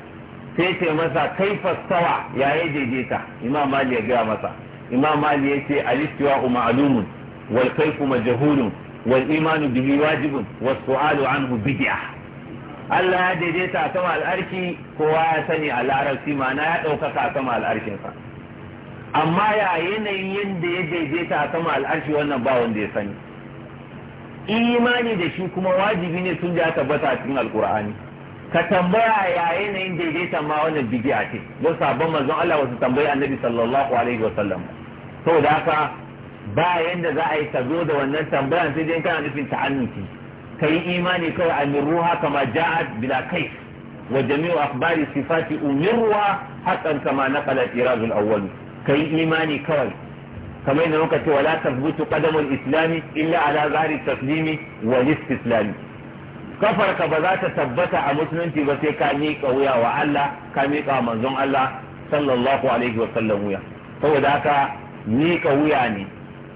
sai ce masa kai tawa ya yi daidaita imam malik ya gaya masa imam malik ya ce al ma'lumun wal kaifu majhulun wal imanu bihi wajibun was su'alu anhu bid'ah Allah ya daidaita a sama al'arki, kowa ya sani a larabci ma'ana ya ɗaukaka a sama al'arkinsa. amma ya yanayin yadda ya daidaita a sama al'arshi wannan ba wanda ya sani imani da shi kuma wajibi ne sun ja tabbata a cikin alkur'ani ka tambaya ya yanayin daidaita ma wannan bidi'a ce don sabon manzon Allah wasu tambayi annabi sallallahu alaihi wa sallam saboda haka ba yanda za a yi tazo da wannan tambayan sai dai kana nufin ta'annuki ka yi imani kawai haka kama ja'ad bila kai wa jami'u akhbari sifati umirruha haqqan kama naqala iraz al-awwal ka yi imani kawai kamar yadda muka ce wala tasbutu qadamul islami illa ala zahiri taslimi wa istislami kafarka ba za ta tabbata a musulunci ba sai ka miƙa wuya wa Allah ka miƙa wa manzon Allah sallallahu alaihi wa sallam wuya saboda haka miƙa wuya ne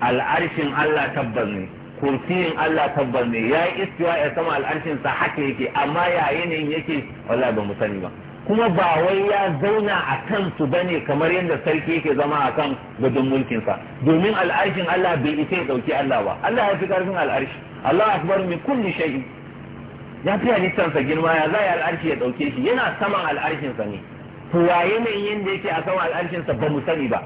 al'arshin Allah tabbas ne kursiyin Allah tabbar ne ya yi istiwa ya sama al'arshin sa haka yake amma ya yanayin yake wallahi ba mu sani ba kuma ba wai ya zauna a kan ba ne kamar yadda sarki yake zama a kan gudun sa domin al'arshin Allah bai isa ya ɗauki Allah ba Allah ya fi ƙarfin al'arshi Allah akbar min kulli shay'in ya fi halittarsa girma ya zai al'arshi ya dauke shi yana saman al'arshinsa ne to waye ne yadda yake a saman sa ba mu sani ba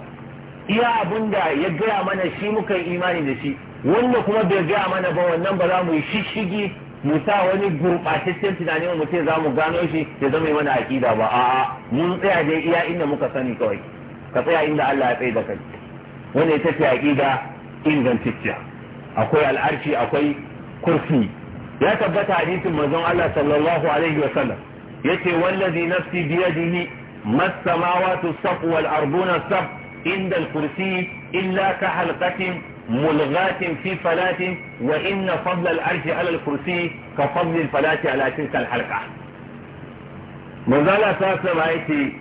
iya abun da ya gaya mana shi muka yi imani da shi wanda kuma bai gaya mana ba wannan ba za mu yi shishigi mu sa wani gurɓataccen tunani mu ce za mu gano shi ya zama mana aƙida ba a'a mun tsaya dai iya inda muka sani kawai ka tsaya inda Allah ya tsaye da kai wanda ita ce aƙida ingantacciya akwai al'arshi akwai kursi ya tabbata hadisin manzon Allah sallallahu alaihi wa sallam yace wallazi nafsi biyadihi mas saf wal arduna saf inda al-kursi illa ka halqatin ملغاة في فلاة وإن فضل العرش على الكرسي كفضل الفلاة على تلك الحلقة manzala ta saba yake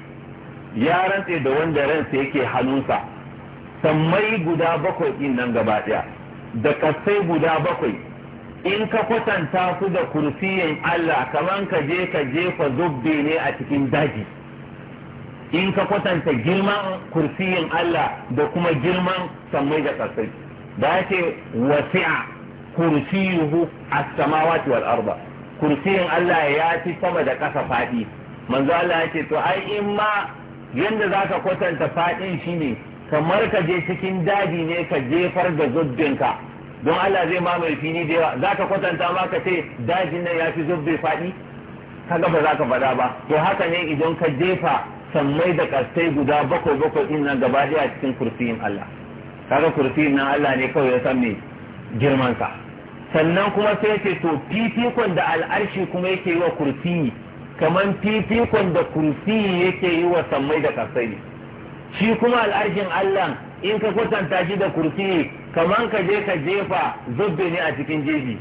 ya rantse da wanda ransa yake hannunsa sammai guda bakwai din nan gaba da kasai guda bakwai in ka kwatanta su da kursiyin Allah kamar ka je ka jefa zubbe ne a cikin daji in ka kwatanta girman kursiyin Allah da kuma girman sammai da kasai da ya wasi'a kursiyuhu as-samawati wal arda kursiyin Allah ya fi sama da kasa faɗi manzo Allah ya ce to ai in ma yanda zaka kwatanta faɗin shine kamar ka je cikin daji ne ka jefar da ka don Allah zai mamaye fili da yawa zaka kwatanta ma ka ce dajin nan ya fi zubbe faɗi kaga ba za ka faɗa ba to haka ne idan ka jefa sammai da kastai guda bakwai bakwai din nan gaba daya cikin kursiyin Allah kaga kursi na Allah ne kawai ya san me girman sa sannan kuma sai ce to fifikon da al'arshi kuma yake yi wa kursi kaman fifikon da kursi yake yi wa sammai da kasai shi kuma al'arshin Allah in ka kwatanta shi da kursi kaman ka je ka jefa zubbe ne a cikin jeji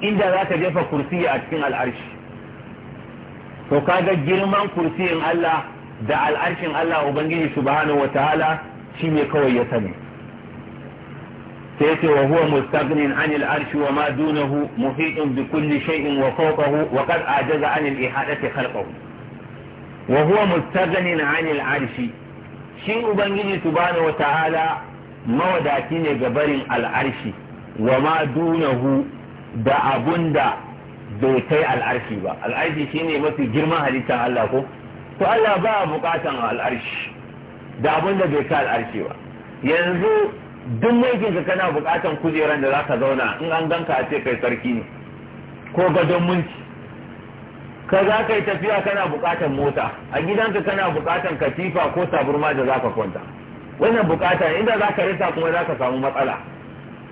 inda za ka jefa kursi a cikin al'arshi to kaga girman kursiyin Allah da al'arshin Allah Ubangiji subhanahu wataala shi ne kawai ya sani sai ce wa huwa mustaghnin arshi wa ma dunahu muhitun bi kulli shay'in wa fawqahu wa qad ajaza anil ihadati khalqahu wa huwa mustaghnin anil arshi shi ubangiji subhanahu wa ta'ala mawadaci ne ga barin al'arshi wa ma dunahu da abunda bai kai al'arshi ba al'arshi shine mafi girman halittar Allah ko to Allah ba bukatan al'arshi da abunda bai kai al'arshi ba yanzu duk mulkin ka kana bukatan kujeran da zaka zauna in an ganka a ce kai sarki ne ko gadon mulki ka za ka yi tafiya kana bukatan mota a gidanka kana bukatan katifa ko taburma da zaka kwanta wannan bukata inda zaka rasa kuma zaka samu matsala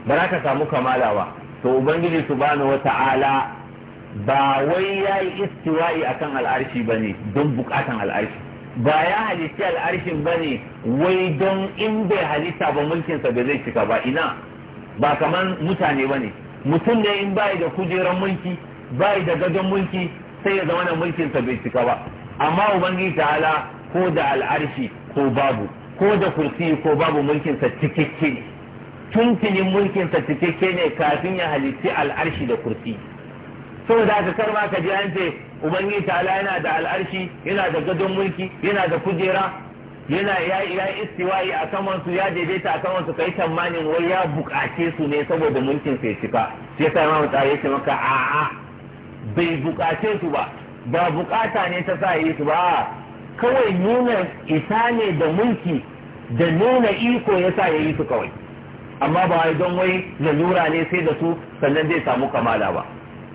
ba za ka samu kamala ba to ubangiji wata wata'ala ba wai yayi istiwa'i akan al'arshi ne don bukatan al'arshi ba ya halitti al'arshin ba ne wai don in bai halitta ba mulkinsa ba zai cika ba ina ba kamar mutane ba ne mutum ne in bai da kujerar mulki bai da gadon mulki sai ya zama na mulkinsa bai cika ba amma ubangiji ta'ala ko da al'arshi ko babu ko da kursi ko babu mulkinsa cikakke ne tuntunin mulkinsa cikakke ne kafin ya halitti al'arshi da kursi saboda ka kar ma ka ji an ce ubangiji ta'ala yana da al'arshi yana da gadon mulki yana da kujera yana ya ya istiwa'i a saman su ya daidaita a saman su kai tamanin wai ya bukace su ne saboda mulkin sai cika sai sai ma mutane ce maka a'a bai bukace su ba ba bukata ne ta sa yi su ba kawai nuna isa ne da mulki da nuna iko ya sa ya yi su kawai amma ba wai don wai lalura ne sai da su sannan zai samu kamala ba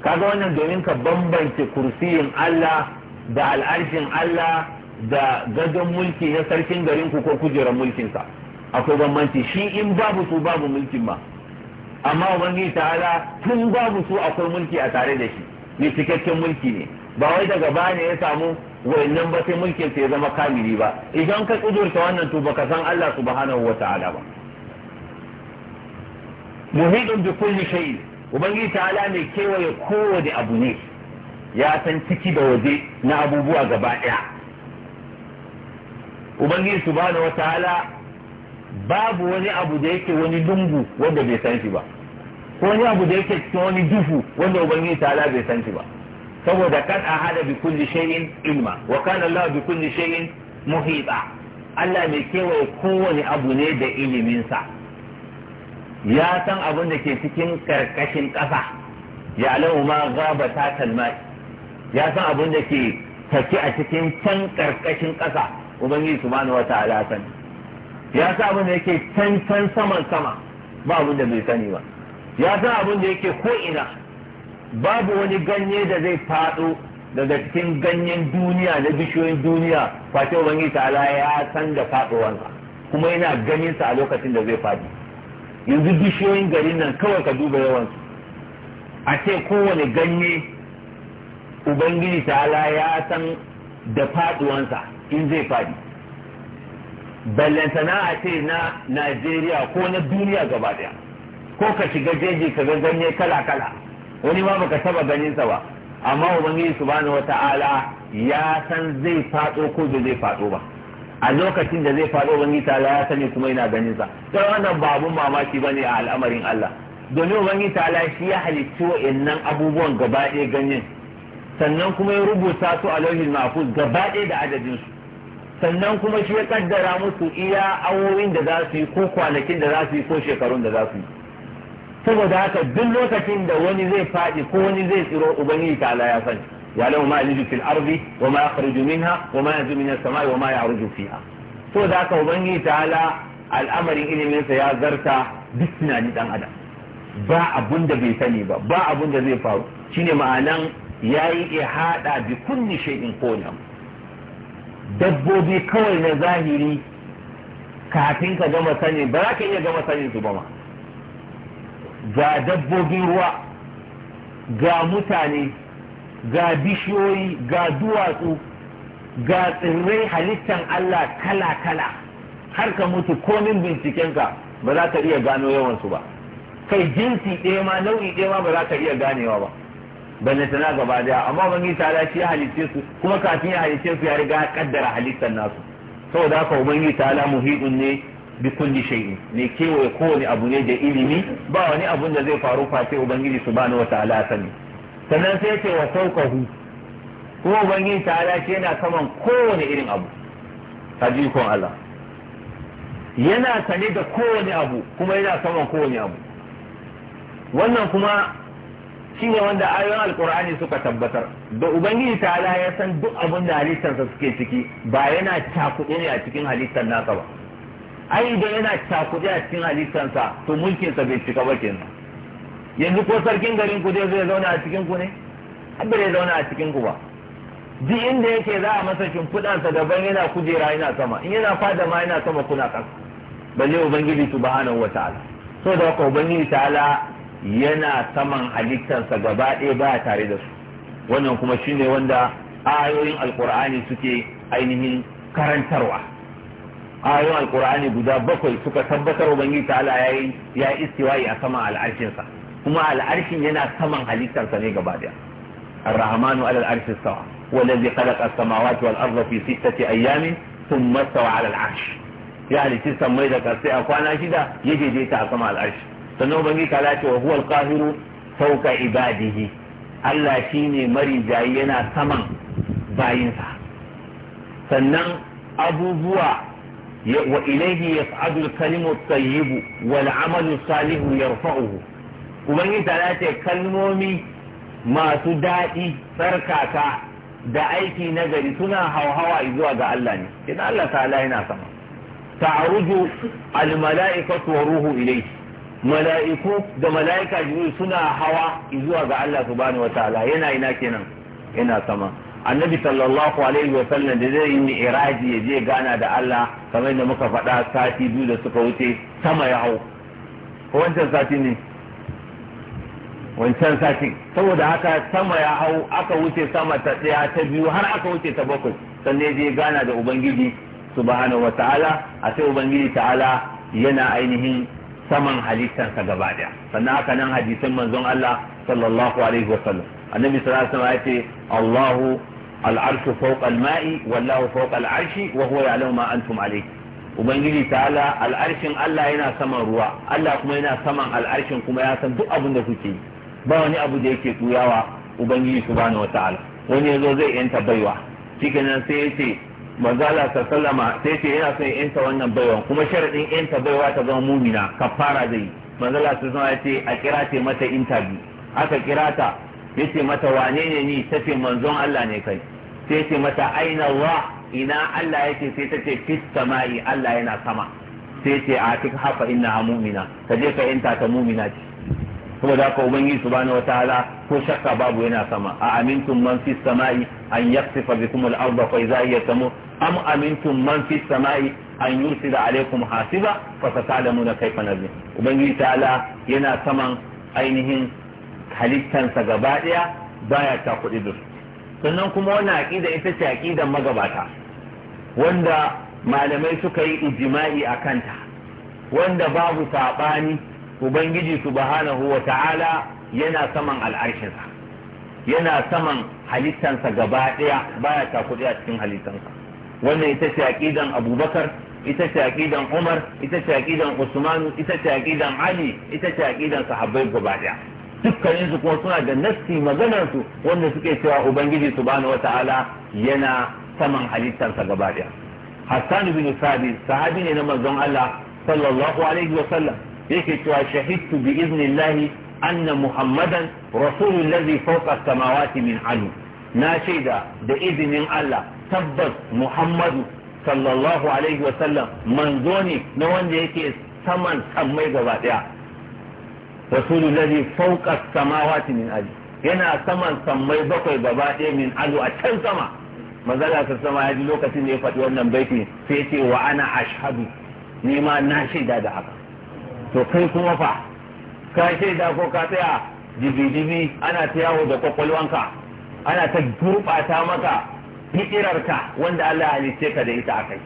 kaga wannan domin ka bambance kursiyin Allah da al'arshin Allah da gadon mulki na sarkin garin ku ko kujerar mulkin sa akwai bambanci shi in babu su babu mulkin ma amma ubangiji ta'ala tun babu su akwai mulki a tare da shi mai cikakken mulki ne ba wai daga ne ya samu wayannan ba sai mulkin ya zama kamili ba idan ka kudurta wannan to baka san Allah subhanahu wata'ala ba muhidun bi kulli shay'in ubangiji ta'ala mai kewaye kowane abu ne ya san ciki da waje na abubuwa gaba ɗaya ubangiji subhanahu ala, babu wani abu da yake wani dungu wanda bai san shi ba ko wani abu da yake cikin wani duhu wanda ubangiji ta'ala bai san shi ba saboda kan a hada bi kulli shay'in ilma wa kana Allah bi kulli shay'in muhita Allah mai kewaye kowane abu ne da iliminsa ya san abin da ke cikin karkashin ƙasa ya alamu ma gaba ta talmai ya san abin da ke tafi a cikin can karkashin ƙasa ubangiji subhanahu wa ta'ala sani ya san abin da yake can can saman sama ba abin da bai sani ba ya san abin da yake ko ina babu wani ganye da zai faɗo daga cikin ganyen duniya na bishiyoyin duniya face ubangiji ta'ala ya san da faɗowansa kuma yana ganin sa a lokacin da zai faɗi yanzu bishiyoyin garin nan kawai ka duba yawansu a ce kowane ganye ubangiji ta'ala ya san da faduwansa in zai fadi ballantana a ce na najeriya ko na duniya gaba daya ko ka shiga jeji ka ga ganye kala-kala wani ma baka taba sa ba amma ubangiji subhanahu wata'ala ya san zai fado ko zai fado ba a lokacin da zai faɗo wani tala ya sani kuma yana ganin sa sai wannan ba abun mamaki bane a al'amarin Allah domin wani tala shi ya halicci wa'annan abubuwan gaba ɗaya ganyen sannan kuma ya rubuta su a lauhin mahfuz gaba ɗaya da adadin su sannan kuma shi ya kaddara musu iya awowin da za su yi ko kwanakin da za su yi ko shekarun da za su yi saboda haka duk lokacin da wani zai faɗi ko wani zai tsiro ubangiji tala ya sani ولو ما يلج في الأرض وما يخرج منها وما ينزل من السماء وما يعرج فيها so da haka ubangi ta'ala al'amarin iliminsa ya zarta duk tunani dan adam ba abun bai sani ba ba abun zai faru shine ma'anan yayi ihada bi kulli shay'in kona dabbobi kawai na zahiri kafin ka gama sani ba za ka iya gama sanin su ba ma ga dabbobin ruwa ga mutane ga bishiyoyi ga duwatsu ga tsirrai halittan Allah kala-kala har ka mutu komin bincikenka ba za ka iya gano yawansu ba kai jinsi ɗaya ma nau'i ɗaya ma ba za ka iya ganewa ba balle tana gaba daya amma ban ta shi ya su kuma kafin ya halicce su ya riga ya kaddara halittar nasu saboda haka yi ta'ala muhidun ne bi kulli shay'in ne kewaye kowane abu ne da ilimi ba wani abun da zai faru face ubangiji subhanahu wataala sani sannan sai ce wa saukahu ko bangin ta'ala ce yana saman kowane irin abu a jikon Allah yana sane da kowane abu kuma yana saman kowane abu wannan kuma shi ne wanda ayoyin alkur'ani suka tabbatar da ubangiji ta'ala ya san duk abin da halittarsa suke ciki ba yana cakuɗe ne a cikin halittar nasa ba ai idan yana cakuɗe a cikin halittarsa to mulkinsa bai cika ba kenan yanzu ko sarkin garin ku dai zai zauna a cikin ku ne abin zai zauna a cikin ku ba duk inda yake za a masa shimfiɗansa daban yana kujera yana sama in yana fada ma yana sama kuna ƙasa balle ubangiji subhanahu ta'ala so da haka ubangiji ta'ala yana saman halittar sa gaba ɗaya ba tare da su wannan kuma shine wanda ayoyin alkur'ani suke ainihin karantarwa ayoyin alkur'ani guda bakwai suka tabbatar ubangiji ta'ala ya yi ya istiwa'i a saman al'arshinsa kuma al'arshin yana saman halittarsa ne gaba daya ar-rahmanu ala al-arshi sawa wallazi khalaqa as-samawati wal arda fi sittati ayamin thumma stawa ala al-arsh ya halitti sammai da kasai a kwana shida ya daidaita a sama al-arshi sannan ubangi ta lati wa huwa al-qahiru fawqa ibadihi Allah shine marijayi yana saman bayinsa sannan abubuwa wa ilayhi yas'adu al-kalimu at-tayyib wal 'amalu salihu yarfa'uhu ubangiji ta ce kalmomi masu daɗi tsarkaka da aiki na gari suna hauhawa zuwa ga Allah ne idan Allah ala yana sama ta'aruju al-mala'ikatu wa ruhu ilayhi mala'iku da mala'ika jibril suna hawa zuwa ga Allah subhanahu wa ta'ala yana ina kenan yana sama annabi sallallahu alaihi wa sallam da zai yi iraji ya je gana da Allah kamar da muka faɗa sati biyu da suka wuce sama ya hau wancan sati ne wancan satin saboda haka sama ya hau aka wuce sama ta ɗaya ta biyu har aka wuce ta bakwai sannan je gana da ubangiji subhanahu wata'ala a sai ubangiji ta'ala yana ainihin saman halittansa gaba daya sannan haka nan hadisin manzon Allah sallallahu alaihi sallam annabi sallallahu alaihi wasallam ya ce Allahu al'arshu fawqa al-ma'i wallahu fawqa al-arshi wa huwa ya'lamu ma antum alayhi ubangiji ta'ala al'arshin Allah yana saman ruwa Allah kuma yana saman al'arshin kuma ya san duk abin da kuke yi ba wani abu da yake tuyawa ubangiji subhanahu wataala wani yazo zai yanta baiwa shikenan sai yace manzo Allah sallama sai yace yana son yanta wannan baiwa kuma sharadin yanta baiwa ta zama mumina kafara zai manzo Allah sallama yace a kira ce mata intabi aka kira ta yace mata wane ne ni ta ce manzon Allah ne kai sai yace mata aina wa ina Allah yake sai ta ce fis sama'i Allah yana sama sai ce a cikin hafa inna mu'mina je ka yanta ta mu'mina ce saboda haka ubangiji subhanahu wataala ko shakka babu yana sama a amintum man fis sama'i an yaksifa bikum al-ardha fa idha hiya tamur am amintum man fis sama'i an yursila alaikum hasiba fa satalamuna kayfa nabi ubangiji ta'ala yana saman ainihin halittansa gaba daya baya ta kuɗi dur sannan kuma wannan aqida ita ce aqidan magabata wanda malamai suka yi ijma'i a kanta wanda babu saɓani ubangiji subhanahu wa ta'ala yana saman al'arshinsa yana saman halittansa gaba daya baya takudi a cikin halittansa wannan ita ce aqidan abubakar ita ce aqidan umar ita ce aqidan usmanu ita ce aqidan ali ita ce aqidan sahabbai gaba daya dukkanin su kuma suna da nassi maganar su wanda suke cewa ubangiji subhanahu wataala yana saman halittarsa gaba daya hassan bin sabit sahabi ne na manzon Allah sallallahu alaihi wa sallam yake cewa shahidtu bi iznillahi anna muhammadan rasulun lazi fawqa samawati min alu na shaida da izinin Allah tabbas muhammadu sallallahu alaihi wasallam manzo ne na wanda yake saman sammai gaba daya rasulun lazi fawqa samawati min alu yana saman sammai bakwai gaba ɗaya min alu a can sama manzala ta sama ya ji lokacin da ya faɗi wannan baiti sai ce wa ana ashhadu ni ma na shaida da haka to kai kuma fa ka shaida ko ka tsaya dibi-dibi ana ta yawo da kwakwalwanka ana ta gurɓata maka fikirarka wanda Allah ya halicce ka da ita a kai.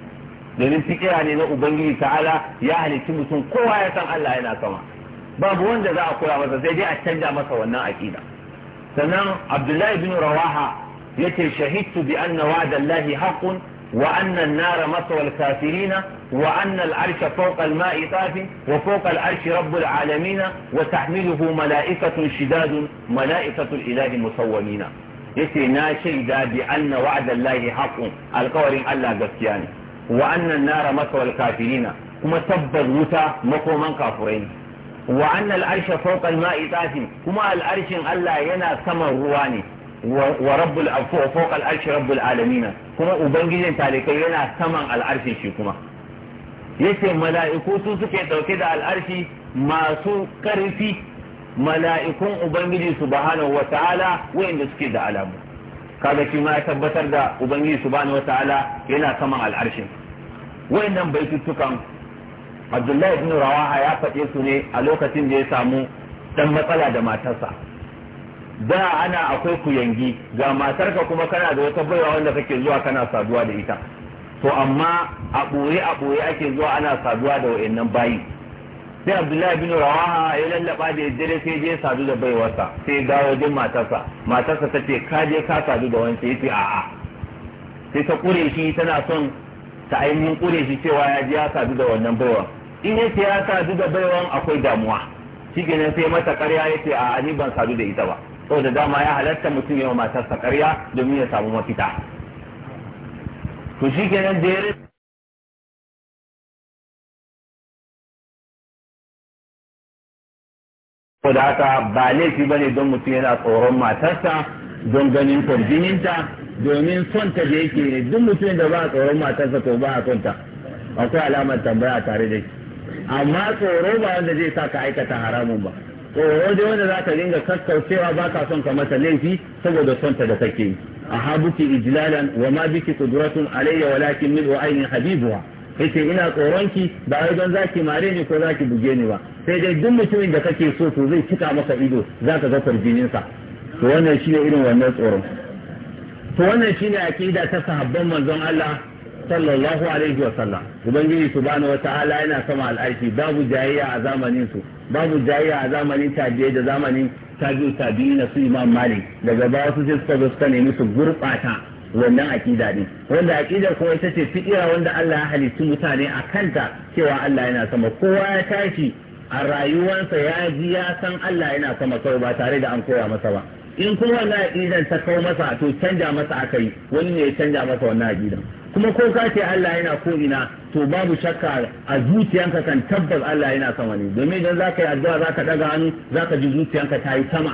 domin fikira ne na ubangiji ta'ala ya halicci mutum kowa ya san Allah yana sama babu wanda za a kula masa sai dai a canja masa wannan aqida sannan Abdullahi bin Rawaha yace shahidtu bi anna wa'da Allah haqqun wa anna an kafirina وأن العرش فوق الماء طاف وفوق العرش رب العالمين وتحمله ملائكة شداد ملائكة الإله مصومين يسي ناشي دا بأن وعد الله حق القول الله قسيان وأن النار مثوى الكافرين كما تبض وتا مقوما كافرين وأن العرش فوق الماء طاف كما العرش الله ينا سما الرواني ورب فوق العرش رب العالمين كما أبنجل تالكي ينا سما العرش شي كما yace mala'iku su suke ɗauke da al'arshi masu karfi mala'ikun ubangiji subhanahu ta’ala wayanda suke da alamu kaga shi ya tabbatar da ubangiji subhanahu wata'ala yana saman al'arshin wayannan baituttukan Abdullahi ibn Rawaha ya faɗe su ne a lokacin da ya samu ɗan matsala da matarsa da ana akwai kuyangi ga matarka kuma kana da wata baiwa wanda kake zuwa kana saduwa da ita to amma a ɓoye a ɓoye ake zuwa ana saduwa da wa'annan bayi sai abdullahi bin rawaha ya lallaba da dare sai je sadu da baiwarsa sai ga wajen matarsa matarsa ta ce ka je ka sadu da wani sai a'a sai ta kure shi tana son ta ainihin kure shi cewa ya je ya sadu da wannan baiwan in ce ya sadu da baiwan akwai damuwa shi kenan sai mata karya ya ce a'a ni ban sadu da ita ba saboda dama ya halatta mutum yawa matarsa karya domin ya samu mafita to shi kenan da ya da haka ba laifi ba ne don mutum yana tsoron matarsa don ganin kwarjininta domin son ta da yake duk mutum da ba a tsoron matarsa to ba a son ta akwai alamar tambaya tare da shi amma tsoro ba wanda zai sa ka aikata haramun ba ko dai wanda za ka ringa kakkaucewa ba ka son ka mata laifi saboda son ta da kake yi a habuki ijlalan wa ma biki kudratun alayya walakin min wa ainin habibuha yace ina tsoronki ba wai don zaki mare ni ko zaki buge ni ba sai dai duk mutumin da kake so to zai cika maka ido zaka ga farjinin sa to wannan shine irin wannan tsoron to wannan shine aqida ta sahabban manzon Allah sallallahu alaihi wa sallam ubangiji subhanahu wa ta'ala yana sama al'arshi babu jayayya a zamanin su babu jayayya a zamanin tabi'ai da zamanin tabi'u tabi'i na su imam malik daga baya su suka zo suka nemi su gurbata wannan aqida din wanda akidar kuma ita ce fitira wanda Allah ya halitta mutane a kanta cewa Allah yana sama kowa ya tashi a rayuwarsa ya ji ya san Allah yana sama kawai ba tare da an koya masa ba in kuma wannan akidar ta kawo masa to canja masa akai wani ne ya canja masa wannan aqidan kuma ko ka ce Allah yana ko ina to babu shakka a zuciyanka kan tabbas Allah yana sama ne domin idan zaka yi addu'a zaka daga hannu zaka ji zuciyanka ta yi sama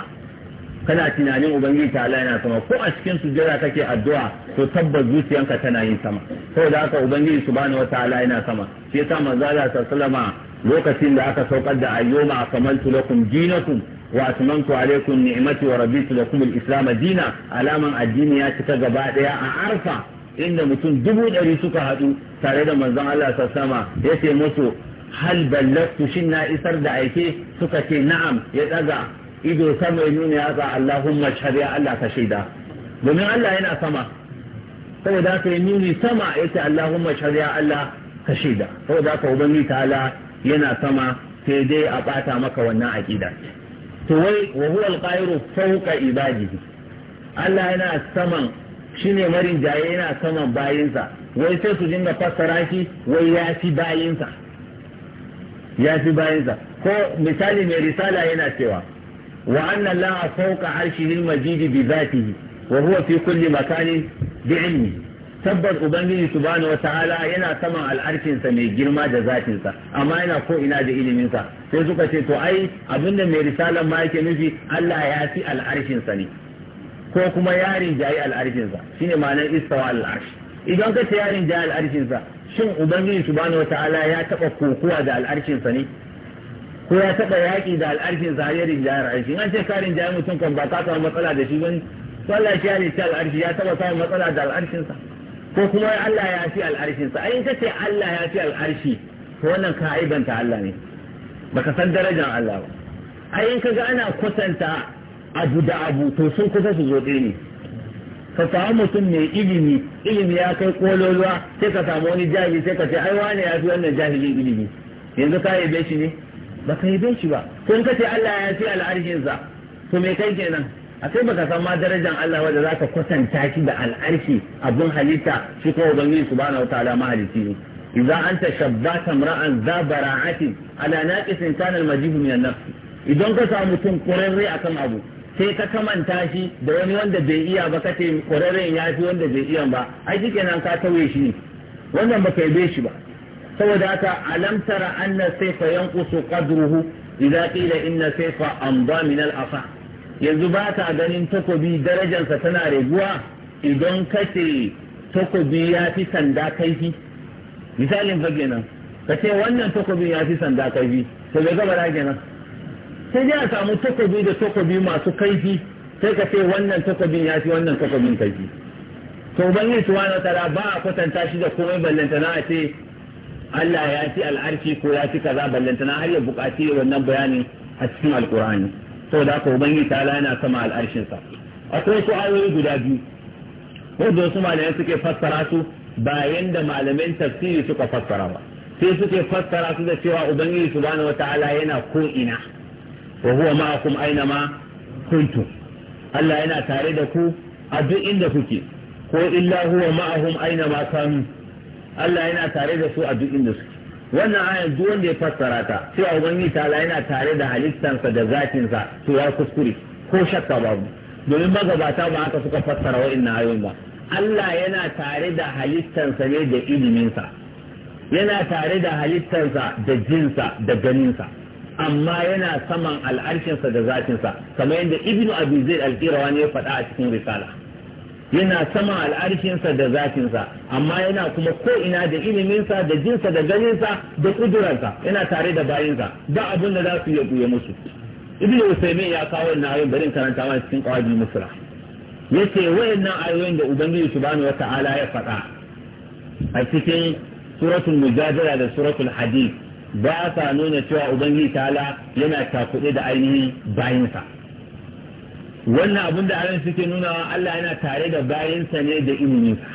kana tunanin ubangiji ta Allah yana sama ko a cikin sujjada kake addu'a to tabbas zuciyanka tana yin sama saboda haka ubangiji subhanahu wataala yana sama shi yasa manzo Allah sallama lokacin da aka saukar da ayyuma akamaltu lakum dinakum wa atmamtu alaykum ni'mati wa raditu lakum al-islam dina alaman addini ya cika gaba daya a arfa inda mutum dubu ɗari suka haɗu tare da manzon Allah sassama ya ce musu hal ballatu shin na isar da aike suka ce na'am ya ɗaga ido sama ya nuna ya ga Allahumma shari'a Allah ka shaida domin Allah yana sama saboda haka ya nuni sama ya ce Allahumma shari'a Allah ka shaida saboda haka ubangi ta'ala yana sama sai dai a ɓata maka wannan aƙida to wai wa huwa al fawqa ibadihi Allah yana saman shine jaye yana saman bayinsa wai sai su dinga fassara shi wai ya fi bayinsa ya fi bayinsa ko misali mai risala yana cewa wa anna la fawqa arshihi majidi bi zatihi wa huwa fi kulli makanin bi ilmi tabbas ubangiji subhanahu wa ta'ala yana saman al'arkinsa mai girma da sa amma yana ko ina da iliminsa sai suka ce to ai abinda mai risalan ma yake nufi Allah ya fi al'arshinsa ne ko kuma yarin jayi al'arshinsa shine ma'anar istawa al'arshi idan ka ce yarin jayi al'arshinsa shin ubangiji wata ala ya taba kokuwa da al'arshinsa ne ko ya taba yaki da al'arshinsa har yarin jayi al'arshi an ce karin jayi mutum kan ba ka samu matsala da shi bane ko Allah shi ya halitta al'arshi ya taba samu matsala da al'arshinsa ko kuma Allah ya fi al'arshinsa ai in ka ce Allah ya fi al'arshi to wannan ka aibanta Allah ne baka san darajar Allah ba ai in ka ga ana kwatanta abu da abu to sun kusa su zo ne ka samu mutum mai ilimi ilimi ya kai kololuwa sai ka samu wani jahili sai ka ce ai wane ya fi wannan jahilin ilimi yanzu ka yi shi ne ba ka yi shi ba ko ka ce Allah ya fi al'arshinsa to me kai kenan a sai baka san ma darajar Allah za ka kwatanta shi da al'arshi abin halitta shi ko ubangiji subhanahu wataala mahalicci ne idza an ta mar'an za bara'ati ala naqisin kana al-majid min an-nafs idan ka samu mutum kurarre akan abu sai ka kamanta shi da wani wanda bai iya ba kace ce ya fi wanda bai iya ba ai kenan ka tauye shi wannan baka yabe shi ba saboda haka alam tara anna sayfa yanqusu qadruhu idza qila inna sayfa amda min al afa yanzu ba ta ganin takobi darajarsa tana raguwa idan kace takobi ya fi sanda kaifi misalin ba kenan ka wannan takobi ya fi sanda kaifi to bai gaba kenan sai dai a samu takobi da takobi masu kaifi sai ka ce wannan takobin ya fi wannan takobin kaifi to yi tuwa na tara ba a kwatanta shi da komai ballantana a ce Allah ya ci al'arci ko ya ci kaza ballantana har ya buƙaci wannan bayanin a cikin alkur'ani saboda ban yi tala yana sama sa. akwai su ayoyi guda biyu wanda wasu malamai suke fassara su ba yanda malamin tafsiri suka fassara ba sai suke fassara su da cewa ubangiji subhanahu wataala yana ko ina wa huwa ma'akum aina ma kuntum Allah yana tare da ku a duk inda kuke ko illa huwa ma'ahum aina ma kanu Allah yana tare da su a duk inda suke wannan aya duk wanda ya fassara ta cewa ubangiji ta yana tare da halittansa da zatinsa to kuskure ko shakka babu domin magabata ba haka suka fassara wa'annan ayoyin ba Allah yana tare da halittansa ne da iliminsa yana tare da halittansa da jinsa da ganinsa amma yana saman al'arshinsa da zatinsa kamar yadda ibnu abi zaid al-qirawani ya faɗa a cikin risala yana saman al'arshinsa da zatinsa amma yana kuma ko ina da iliminsa da jinsa da ganinsa da kudurarsa yana tare da bayinsa ba abin da za su iya ya musu ibnu usaimin ya kawo wannan ayoyin barin karanta mana cikin qawaidul musra yace wayannan ayoyin da ubangiji su subhanahu wata'ala ya faɗa a cikin suratul mujadala da suratul hadid ba sa nuna cewa ubangiji ta'ala yana takuɗe da ainihin bayinsa wannan abin da aran suke nunawa Allah yana tare da bayinsa ne da ilimin sa.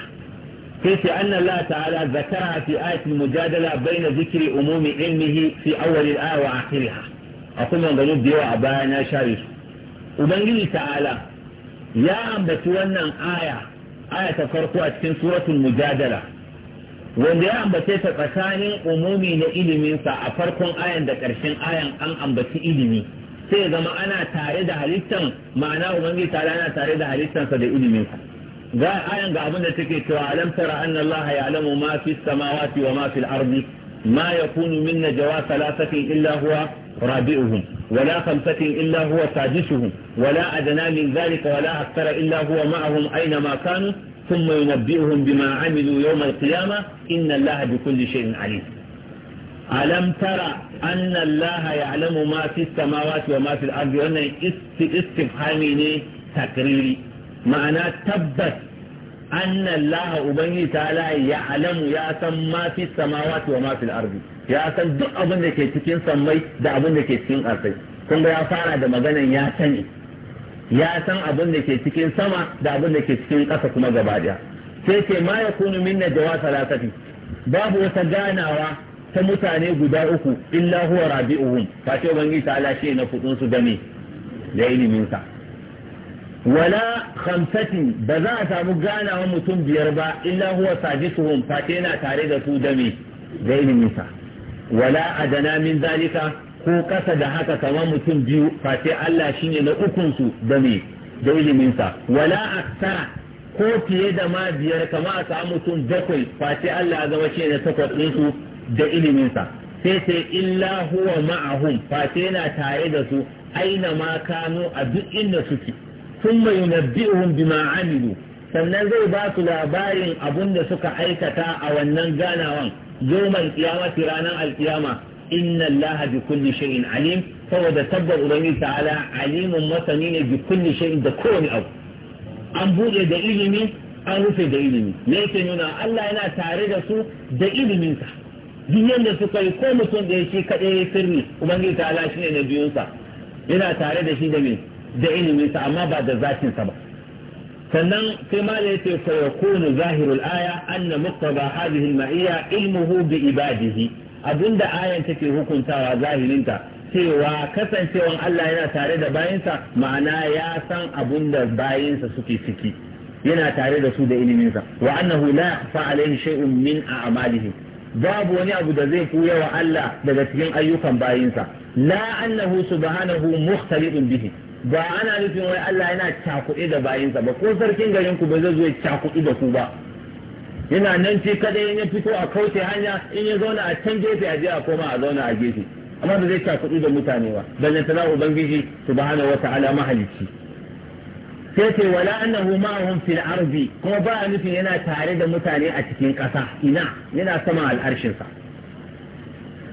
sai ce anna Allah ta'ala zakara fi ayatul mujadala baina zikri umumi ilmihi fi awwal al-aya wa akhiriha akwai maganganu da yawa a baya na share su ubangiji ta'ala ya ambaci wannan aya aya ta farko a cikin suratul mujadala wanda ya ambace ta tsakanin umumi na iliminsa a farkon ayan da ƙarshen ayan an ambaci ilimi sai zama ana tare da halittan ma'ana ubangiji tare ana tare da halittansa da iliminsa ga ayan ga abin da take cewa alam tara anna allaha ya'lamu ma fi samawati wa ma fil ardi ma yakunu min najwa thalathatin illa huwa rabi'uhum ولا خمسة إلا هو سادسهم ولا أدنى من ذلك ولا أكثر إلا هو معهم أينما كانوا ثم ينبئهم بما عملوا يوم القيامة إن الله بكل شيء عليم ألم ترى أن الله يعلم ما في السماوات وما في الأرض وأن استفهامي تقريري معنى تبت أن الله أبني تعالى يعلم يا ما في السماوات وما في الأرض ya san duk abin da ke cikin sammai da abin da ke cikin ƙarfai kun ga ya fara da maganan ya sani ya san abin da ke cikin sama da abin da ke cikin ƙasa kuma gaba daya sai ce ma ya kunu min na jawa salasati babu wata ganawa ta mutane guda uku illa huwa rabi'uhum fa ce ta ala shi na kudin su game da ilimin sa wala khamsati ba za a samu ganawa mutum biyar ba illa huwa sajisuhum fa ce yana tare da su game da ilimin sa wala adana min zalika ko kasa da haka kamar mutum biyu face Allah shine na ukunsu da iliminsa. da wala aksara ko fiye da ma biyar kama a samu mutum bakwai face Allah ya zama shine na takwas ɗinsu su da iliminsa. sai sai illa huwa ma'ahum face yana tare da su aina ma a duk inda suke ثم bima بما عملوا sannan zai ba su labarin abun da suka aikata a wannan ganawan yawmal qiyamati ranar alkiyama inna allaha bi kulli shay'in alim saboda tabbar ubangiji ta'ala alimun masani ne bi kulli shay'in da kowane abu an bude da ilimi an rufe da ilimi me yake nuna Allah yana tare da su da iliminsa duk yadda suka yi ko mutum da ya shi kaɗai ya sirri ubangiji ta'ala shi ne na biyunsa yana tare da shi da me da iliminsa amma ba da zafinsa ba sannan sai ma da yace fa yakunu zahirul aya anna muqtaba hadhihi al-ma'iyya ilmuhu bi ibadihi abinda ayan take hukuntawa zahirinta cewa kasancewan Allah yana tare da bayinsa ma'ana ya san da bayinsa suke ciki yana tare da su da iliminsa wa annahu la yakhfa alayhi shay'un min a'malihi babu wani abu da zai koya wa Allah daga cikin ayyukan bayinsa la annahu subhanahu mukhtalidun bihi ba ana nufin wai Allah yana cakuɗe da bayinsa ba ko sarkin garin ku ba zai zo ya cakuɗe da ku ba yana nan ce kada in ya fito a kauce hanya in ya zauna a can gefe a je a koma a zauna a gefe amma da zai cakudu da mutane ba ballantana ubangiji subhanahu wata'ala mahalicci sai ce wala annahu ma'ahum fil ardi kuma ba nufin yana tare da mutane a cikin ƙasa ina yana sama al'arshin sa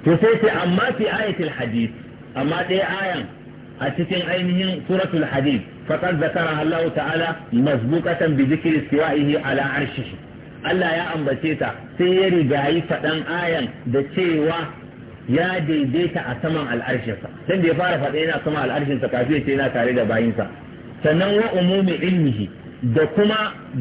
to sai ce amma fi ayatul hadith amma ɗaya ayan a cikin ainihin suratul hadith faqad zakara Allah ta'ala mazbuqatan bi dhikri istiwa'ihi ala arshihi Allah ya ambace ta sai ya rigayi faɗan ayan da cewa ya daidaita a saman al'arshinsa dan da ya fara faɗa yana saman al'arshinsa kafin ya ce yana tare da bayinsa sannan wa umumi ilmihi da kuma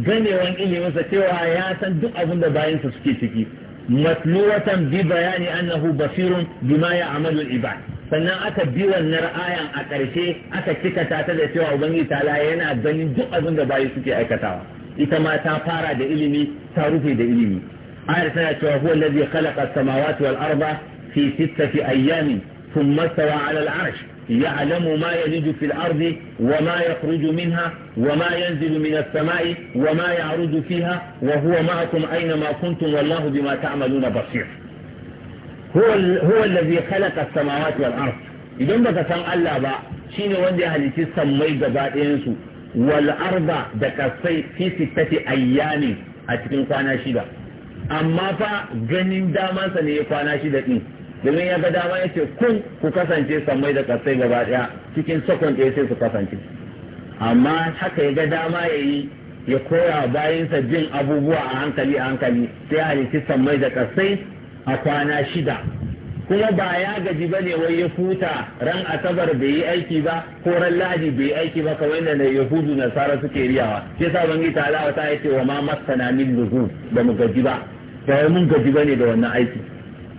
ganewan iliminsa cewa ya san duk abin da bayansa suke ciki matluwatan bi bayani annahu basirun bima ya'malu al-ibad sannan aka bi wannan ayan a ƙarshe aka cika ta da cewa ubangiji ta'ala yana ganin duk abin da bayi suke aikatawa ita ma ta fara da ilimi ta rufe da ilimi ayar tana cewa huwa allazi khalaqa as-samawati wal arda fi sittati ayyamin thumma stawa 'ala al-'arsh يعلم ما يلج في الأرض وما يخرج منها وما ينزل من السماء وما يعرج فيها وهو معكم أينما كنتم والله بما تعملون بصير هو, ال... هو الذي خلق السماوات والأرض إذن بك سمع الله بقى شين وندي أهل تسمي ببعض ينسو wal da kasai fi sittati ayyami a cikin kwana shida amma fa ganin damansa ne ya kwana shida din domin ya ga dama ya ce kun ku kasance samai da kasai gaba daya cikin sakon ɗaya sai su kasance amma haka ya ga dama ya yi ya koya bayansa jin abubuwa a hankali a hankali sai a yi samai da kasai a kwana shida kuma ba ya gaji ba ne wai ya futa ran asabar bai yi aiki ba ko ran lahadi bai yi aiki ba kamar yadda na yahudu nasara suke riyawa shi yasa bangi ta alawa ta yace wa ma masana min da mu gaji ba ba wai mun gaji ba ne da wannan aiki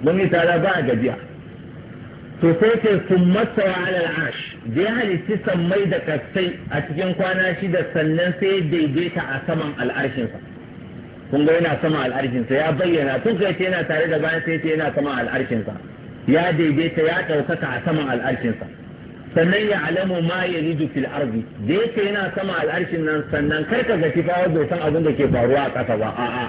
bangi ta ala ba a gajiya to sai ce sun masa wa alal ash da ya halitti sammai da kasai a cikin kwana shida sannan sai daidaita a saman al'arshinsa kun ga yana sama al'arshinsa ya bayyana tun kai ce yana tare da bayan sai ce yana sama al'arshinsa ya daidaita ya ɗaukaka a sama al'arshinsa sannan ya alamu ma ya fil arzi da yake yana sama al'arshin nan sannan karka ga kifa wajen san abin da ke faruwa a ƙasa ba a'a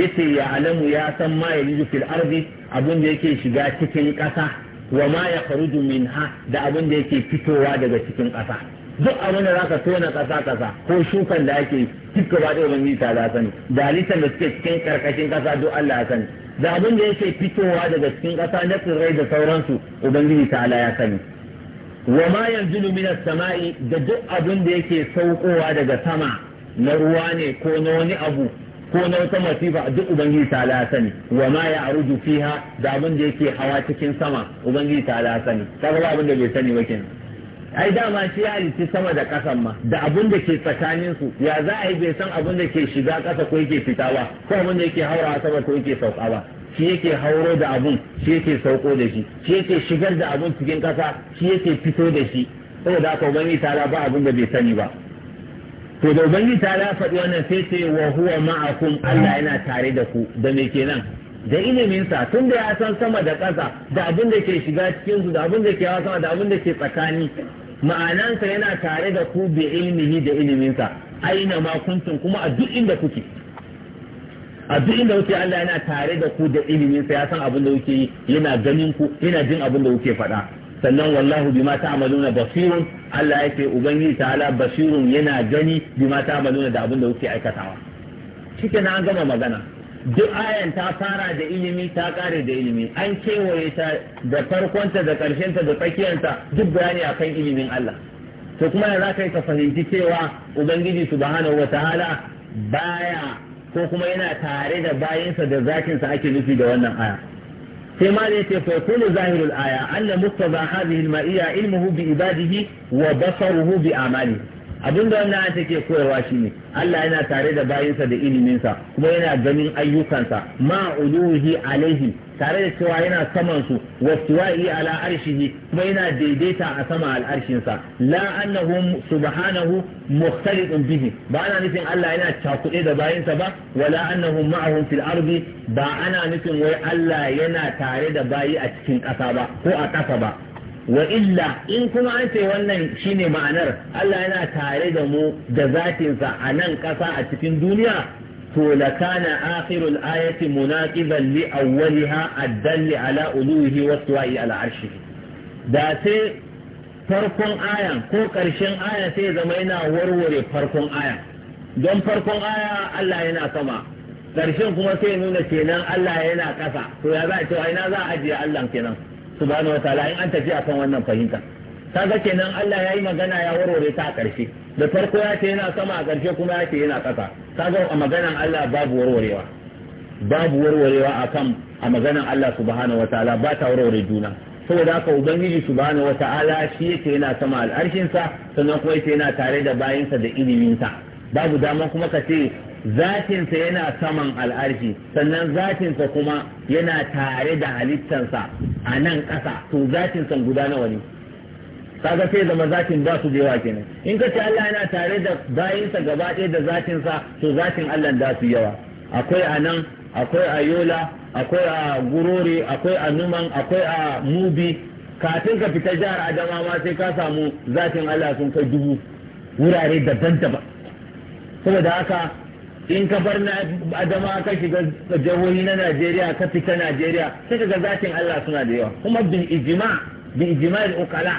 yace ya alamu ya san ma ya ridu fil arzi abin da yake shiga cikin ƙasa wa ma ya farudu minha da abin da yake fitowa daga cikin ƙasa duk abin da so tona kasa kasa ko shukan da ake cikin ba da ubangiji ta da sani da da suke cikin karkashin kasa duk Allah ya sani da abin da yake fitowa daga cikin kasa na tsirrai da sauransu ubangiji ta Allah ya sani wa ma yanzilu minas sama'i da duk abin da yake saukowa daga sama na ruwa ne ko na wani abu ko na wata masifa duk ubangiji ta ala sani wa ma ya aruju fiha da abin da yake hawa cikin sama ubangiji ta ala sani kaga abin da bai sani ba kenan ai dama shi ya halitti sama da ƙasan ma da abin da ke tsakanin su ya za a yi bai san abin da ke shiga ƙasa ko yake fita ba ko abin da yake haura sama ko yake sauka ba shi yake hauro da abun shi yake sauko da shi shi yake shigar da abun cikin ƙasa shi yake fito da shi saboda haka ubangiji ta ba abin da bai sani ba to da ubangiji ta faɗi wannan sai ce wa huwa ma'akum Allah yana tare da ku da me kenan da iliminsa tun da ya san sama da ƙasa da abin da ke shiga su da abin da ke hawa sama da abin da ke tsakani ma'anansa yana tare da ku bi ilmihi da iliminsa aina ma kuntum kuma a duk inda kuke a duk inda kuke Allah yana tare da ku da iliminsa ya san abin da kuke yi yana ganin ku yana jin abin da kuke faɗa sannan wallahu bima ta'maluna basirun Allah yake ubangiji ta'ala basirun yana gani bima ta'maluna da abin da kuke aikatawa shikenan an gama magana duk ayan ta fara da ilimi ta kare da ilimi an kewaye ta da farkonta da karshenta da tsakiyarta duk bayani akan ilimin Allah to kuma ya za ka yi ka fahimci cewa ubangiji subhanahu wataala baya ko kuma yana tare da bayansa da zakinsa ake nufi da wannan aya sai ma ce yake fakulu zahirul aya allah mustaza hadhihi al-ma'iyya ilmuhu bi ibadihi wa basaruhu bi amalihi abin da wannan ayata ke koyarwa shine Allah yana tare da bayinsa da iliminsa kuma yana ganin ayyukansa ma uluhi alaihi tare da cewa yana saman su wa tuwa'i ala arshihi kuma yana daidaita a sama al'arshinsa la annahu subhanahu mukhtalidun bihi ba ana nufin Allah yana cakuɗe da bayinsa ba wala annahu ma'ahum fil ardi ba ana nufin wai Allah yana tare da bayi a cikin ƙasa ba ko a ƙasa ba wa illa in kuma an ce wannan shine ma'anar Allah yana tare da mu da zatinsa a nan ƙasa a cikin duniya to lakana akhirul ayati munaqiban li awwaliha a ala uluhi wa tuwa'i ala da sai farkon ayan ko ƙarshen aya sai zama yana warware farkon aya don farkon aya Allah yana sama ƙarshen kuma sai nuna kenan Allah yana ƙasa to ya za a ina za a ajiye Allah kenan subhanahu wa ta'ala in an tafi akan wannan fahimta kaga kenan Allah yayi magana ya warware ta a ƙarshe da farko ya ce yana sama a ƙarshe kuma ya ce yana ƙasa kaga a maganan Allah babu warwarewa babu warwarewa akan a maganan Allah subhanahu wataala ba ta warware juna saboda haka ubangiji subhanahu wataala shi yake yana sama al'arshinsa sannan kuma yake yana tare da bayinsa da iliminsa babu dama kuma ka ce zatinsa yana saman al'arshi sannan zatinsa kuma yana tare da halittansa a nan ƙasa to zatinsa guda nawa ne kaga sai zama zatin ba su da yawa kenan in ka ce Allah yana tare da bayinsa gaba ɗaya da zatinsa to zatin Allah da su yawa akwai a nan akwai a yola akwai a gurori akwai a numan akwai a mubi kafin ka fita jihar Adama ma sai ka samu zatin Allah sun kai dubu wurare daban-daban saboda haka in ka bar na adama ka shiga jihohi na najeriya ka fita najeriya sai ka ga zatin allah suna da yawa kuma bin ijima bin ijima da ukala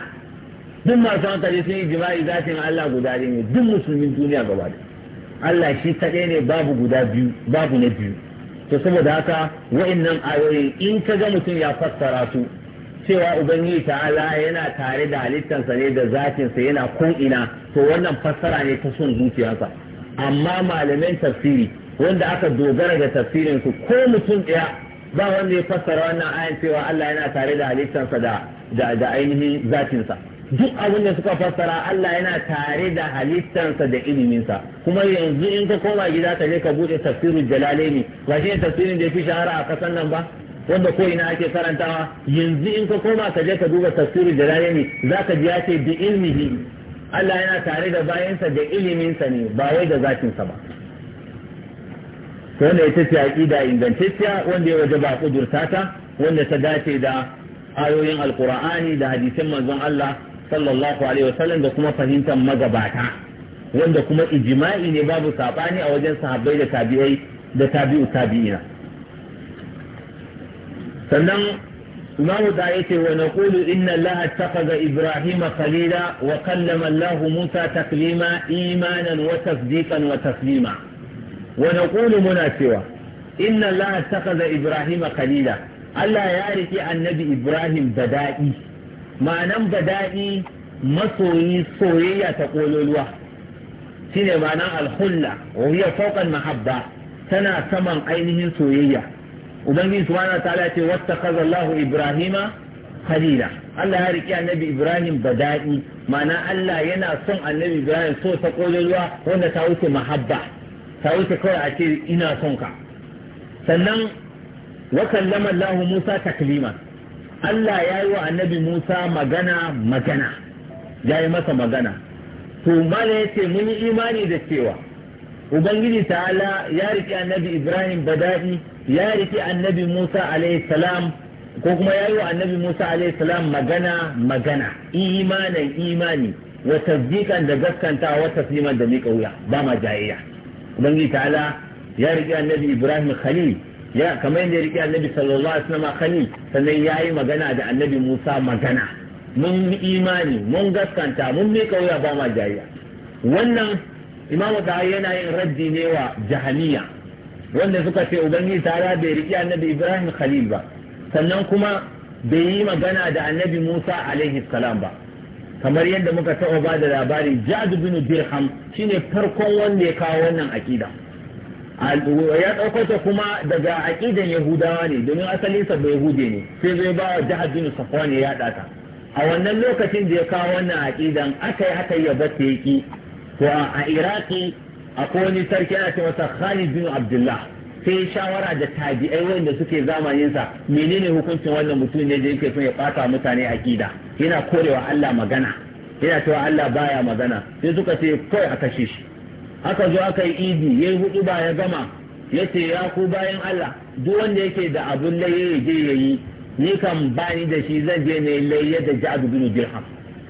duk masu hankali sun ijima da zatin allah guda ne duk musulmin duniya gaba da allah shi kaɗai ne babu guda biyu babu na biyu to saboda haka wa'annan ayoyi in ka ga mutum ya fassara su cewa ubangiji ta'ala yana tare da halittansa ne da zafinsa yana ko'ina to wannan fassara ne ta son zuciyarsa amma malamin tafsiri wanda aka dogara da tafsirin su ko mutum ɗaya ba wanda ya fassara wannan ayan cewa Allah yana tare da halittarsa da da ainihin zatinsa duk abin da suka fassara Allah yana tare da halittarsa da iliminsa kuma yanzu in ka koma gida ka je ka bude tafsirul jalalaini ba shi tafsirin da ya fi shahara a kasan nan ba wanda ko ina ake karantawa yanzu in ka koma ka je ka duba tafsirul jalalaini zaka ji ya ce bi ilmihi Allah yana tare da bayansa da iliminsa ne ba wai da zafinsa ba wanda ita ce aqida ingantacciya wanda ya waje ba kudurta ta wanda ta dace da ayoyin alkur'ani da hadisin manzon Allah sallallahu alaihi wasallam da kuma fahimtar magabata wanda kuma ijma'i ne babu saɓani a wajen sahabbai da tabi'ai da tabi'u tabi'ina sannan نرد آيته ونقول إن الله اتخذ إبراهيم خليلا وقلم الله موسى تكليما إيمانا وتصديقا وتسليما ونقول مناسبة إن الله اتخذ إبراهيم خليلا ألا يعرف نبي إبراهيم بدائي ما نم بدائي مصري صورية تقول الوه سينما الخلة وهي فوق المحبة سنة ثمن عينه صورية ubangiji subhanahu wa ta'ala ce wattakhadha Allahu Ibrahima khalila Allah ya riki annabi Ibrahim bada'i ma'ana Allah yana son annabi Ibrahim so ta kololuwa wanda ta wuce mahabba ta wuce kawai a ce ina son ka sannan wa kallama Allahu Musa taklima Allah ya yi wa annabi Musa magana magana ya yi masa magana to mala ya ce mun yi imani da cewa ubangiji ta'ala ya rike annabi ibrahim bada'i ya rike annabi musa alayhi salam ko kuma ya yi wa annabi musa alayhi salam magana magana imanin imani wa tasdiqan da gaskanta wa tasliman da miƙa wuya ba ma jayayya ubangiji ta'ala ya rike annabi ibrahim khalil ya kamar yadda ya rike annabi sallallahu alaihi wasallam khalil sannan ya yi magana da annabi musa magana mun imani mun gaskanta mun miƙa wuya ba ma jayayya wannan imamu ta yana yin raddi ne wa jahaniya wanda suka ce ubangiji ta bai riki annabi ibrahim khalil ba sannan kuma bai yi magana da annabi musa alaihi salam ba kamar yadda muka taɓa ba da labari jadu bin dirham shine farkon wanda ya kawo wannan aqida ya ɗauko ta kuma daga aƙidan yahudawa ne domin asalinsa bai yahude ne sai zai ba wa jihar bin safwan ya yaɗa ta a wannan lokacin da ya kawo wannan aƙidan aka yi haka ya bata yaki to a iraki akwai wani sarki ana ce wasa khalid bin abdullah sai shawara da tabi'ai wanda suke zamaninsa menene hukuncin wannan mutum ne da yake son ya bata mutane akida yana korewa Allah magana yana cewa Allah baya magana sai suka ce kai a kashe shi aka zo aka yi idi yayi hudu ba ya gama yace ya ku bayan Allah duk wanda yake da abun laye je yayi ni kan bani da shi zan je ne laye da Ja'd bin Dirham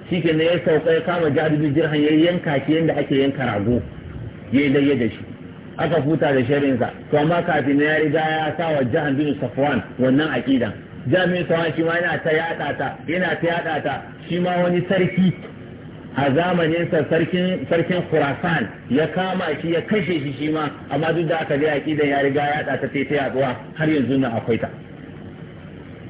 shike ne ya sauka ya kama jaribi jirhan ya yanka shi yadda ake yanka rago ya yi daya da shi aka futa da sharinsa to amma kafin ya riga ya sa wa jahan bin safwan wannan aqidan jami'in safwan shi ma yana ta yada ta yana ta yada ta shi ma wani sarki a zamanin sa sarkin sarkin Khurasan ya kama shi ya kashe shi shi ma amma duk da aka ga aqidan ya riga ya yada ta sai ta har yanzu na akwai ta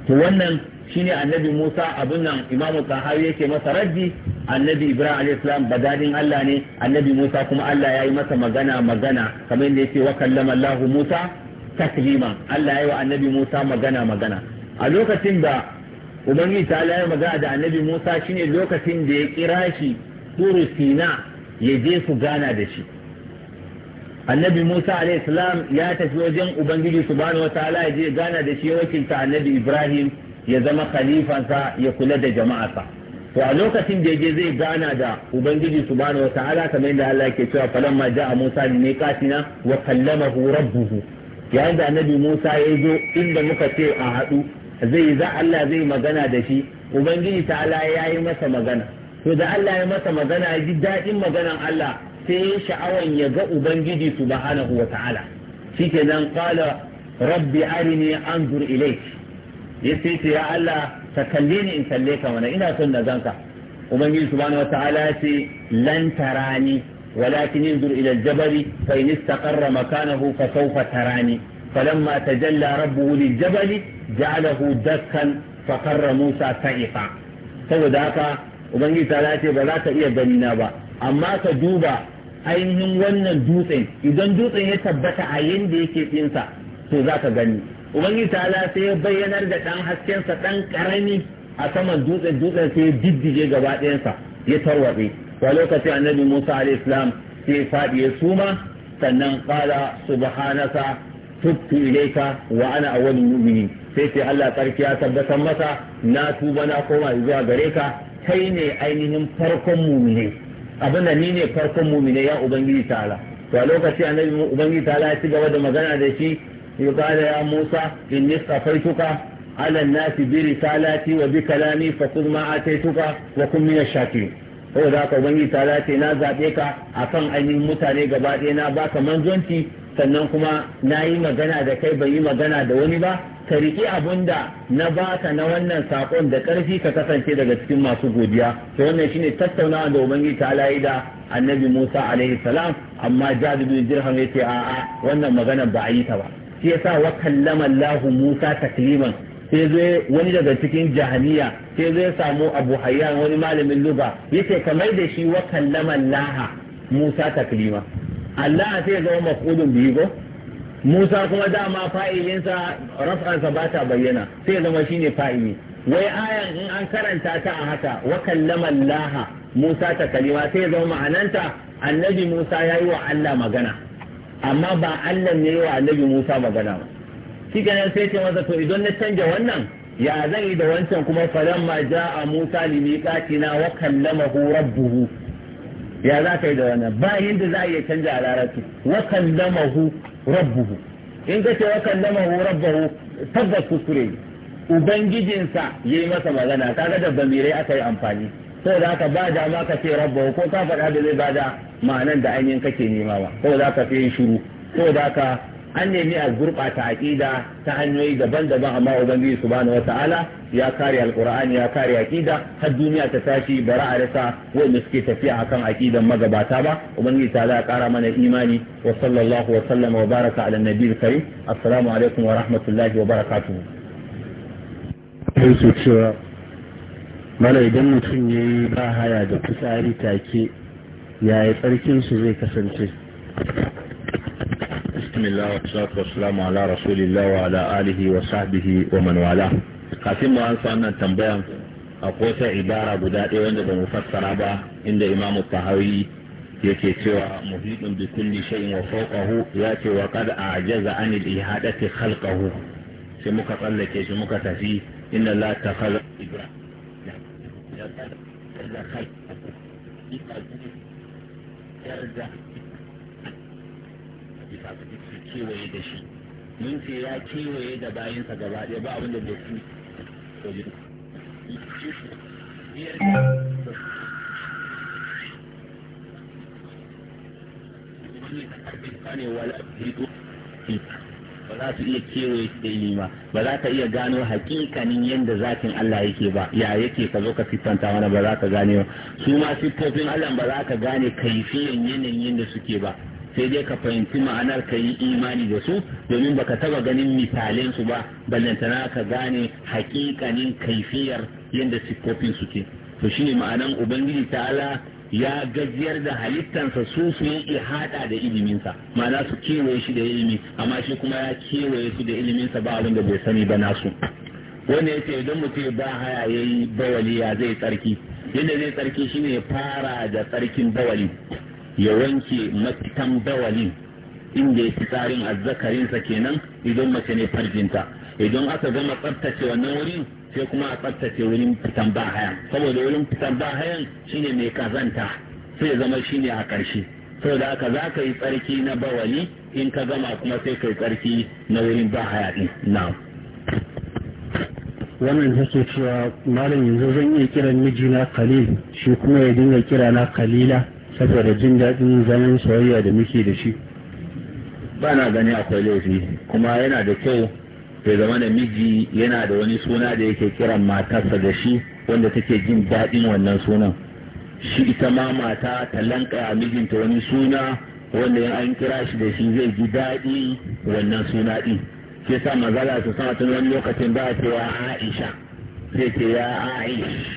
to wannan shine annabi Musa abin nan Imam Tahawi yake masa raddi annabi Ibrahim alayhi salam badalin Allah ne annabi Musa kuma Allah ya yi masa magana magana kamar yadda yake wa kallama Allah Musa taklima Allah ya yi wa annabi Musa magana magana a lokacin da Ubangiji ta Allah magana da annabi Musa shine lokacin da ya kira shi Turu Sina ya je su gana da shi annabi Musa alayhi ya tafi wajen Ubangiji subhanahu wataala ya je gana da shi ya wakilta annabi Ibrahim ya zama khalifansa ya kula da jama'arsa to a lokacin da yaje zai gana da ubangiji subhanahu wataala kamar yadda Allah yake cewa falamma ja'a Musa bi miqatina wa kallamahu rabbuhu yayin da annabi Musa ya zo inda muka ce a haɗu zai za Allah zai magana da shi ubangiji ta'ala ya yi masa magana to da Allah ya masa magana ya ji daɗin maganan Allah sai ya sha'awan ya ga ubangiji subhanahu wataala shikenan qala rabbi arini anzur ilayk ya ce ya Allah ka kalle ni in kalle ka mana ina son na zanka ubangiji subhanahu wataala ya ce lan tarani walakin yanzur ila aljabari fa in istaqarra makanahu fa sawfa tarani falamma tajalla rabbuhu liljabali ja'alahu dakkan fa qarra musa sa'iqa saboda haka ubangiji ta ce ba za ka iya gani na ba amma ka duba ainihin wannan dutsen idan dutsen ya tabbata a yanda yake tsinsa to za ka gani ubangiji ala sai ya bayyanar da ɗan haskensa ɗan karami a saman dutsen dutsen sai ya diddige gaba ɗayansa ya tarwatse wa lokaci annabi Musa alaihi salam sai faɗi ya suma sannan qala subhanaka tubtu ilayka wa ana awwalul mu'minin sai sai Allah tsarki ya tabbatar masa na tuba na koma zuwa gare ka kai ne ainihin farkon mumine abin da ni ne farkon mumine ya ubangiji ta'ala to a lokaci annabi ubangiji ala ya ci gaba da magana da shi يقال يا موسى إني اصطفيتك على الناس برسالاتي وبكلامي فخذ ما آتيتك وكن من الشاكرين هو ذاك وبني تالاتي نازع بيك أفن أني متاني قبائي باك منزونتي sannan kuma na yi magana da kai bai yi magana da wani ba ka abun da na baka na wannan sakon da ƙarfi ka kasance daga cikin masu godiya to wannan shine tattaunawa da ubangiji ta alayi da annabi musa alaihi salam amma jadu bin dirham yace a'a wannan magana ba a yi ta ba shi yasa wa kallama Allah Musa takliman sai zai wani daga cikin jahaniya sai zai samu Abu Hayyan wani malamin lugha yace kamar da shi wa kallama Allah Musa taklima Allah sai zama maf'ulun biyu ba. Musa kuma dama fa'ilinsa raf'ansa ba ta bayyana sai zama shine fa'ili wai ayan in an karanta ta a haka wa kallama Allah Musa taklima sai zama ma'ananta annabi Musa yayi wa Allah magana amma ba Allah ne wa annabi Musa magana ba shi nan sai ce masa to idan na canja wannan ya zan yi da wancan kuma faran ja a Musa li na wa kallamahu rabbuhu ya za ka yi da wannan ba yadda za a iya canja a larabci wa kallamahu rabbuhu in ka ce wa kallamahu rabbuhu tabbas kuskure ubangijinsa yayi masa magana kaga da bamirai aka yi amfani sai da ka ba da ma ka ce rabba ko ka faɗa da zai bada ma'anan da ainihin kake nema ba ko da ka fi yin shiru ko da ka an nemi a gurɓata aƙida ta hanyoyi daban-daban amma ubangiji subhanahu ta'ala ya kare alƙur'ani ya kare aƙida har duniya ta tashi bara a rasa wanda suke tafiya a kan aƙidan magabata ba ubangiji ta ya kara mana imani wa sallallahu wa sallama wa baraka ala karim assalamu alaikum wa rahmatullahi wa barakatuhu. mala idan mutum ya yi ba haya da fitsari take yaya tsarkin su zai kasance bismillah wa salatu ala rasulillah wa ala alihi wa sahbihi wa man wala kafin mu ansa wannan tambayan akwai wata ibara guda ɗaya wanda ba mu fassara ba inda imamu tahawi yake cewa muhidin bi kulli shay'in wa fawqahu ya ce wa qad ajaza an al ihadati khalqahu sai muka tsallake shi muka tafi inna la takhalla ibrahim يرجع يبقى يرجع bisa su su kewaye da shi mun ce ya kewaye da bayansa gaba ɗaya ba abin da bai fi sojin ne wala bidu za su iya kewaye su ba ba za ka iya gano hakikanin yadda zakin Allah yake ba ya yake ka zo ka fitanta mana ba za ka gane ba su ma siffofin Allah ba za ka gane kaifiyan yanayin yadda suke ba sai dai ka fahimci ma'anar ka yi imani da su domin baka taba ganin misalin su ba ballantana ka gane hakikanin kaifiyar yadda siffofin suke to shine ma'anan ubangiji ta'ala ya gajiyar da halittansa su su yi hada da iliminsa ma'ana su kewaye shi da ilimi amma shi kuma ya kewaye su da iliminsa ba abin da bai sani ba nasu wanda ya ce idan mutum ba haya ya yi bawali ya zai tsarki yadda zai tsarki shine ya fara da tsarkin bawali ya wanke mafitan bawali inda ya fi tsarin azzakarinsa kenan idan mace ne farjinta idan aka gama tsabtace wannan wurin sai kuma a tsaftace wurin fitan ba saboda wurin fitan bahayan shine mai kazanta sai zama shine a ƙarshe saboda aka za ka yi tsarki na bawali in ka gama kuma sai ka yi tsarki na wurin ba haya din na wannan take cewa malam yanzu zan iya kiran mijina khalil shi kuma ya dinga kira na khalila saboda jin daɗin zaman soyayya da muke da shi ba na gani akwai laifi kuma yana da kyau ya zama da miji yana da wani suna da yake kiran matarsa da shi wanda take jin daɗin wannan sunan shi ita ma mata ta lanka a mijinta wani suna wanda ya an kira shi da shi zai ji daɗi wannan suna ɗin ke sa mazala su sama tun wani lokacin ba wa aisha sai ce ya aish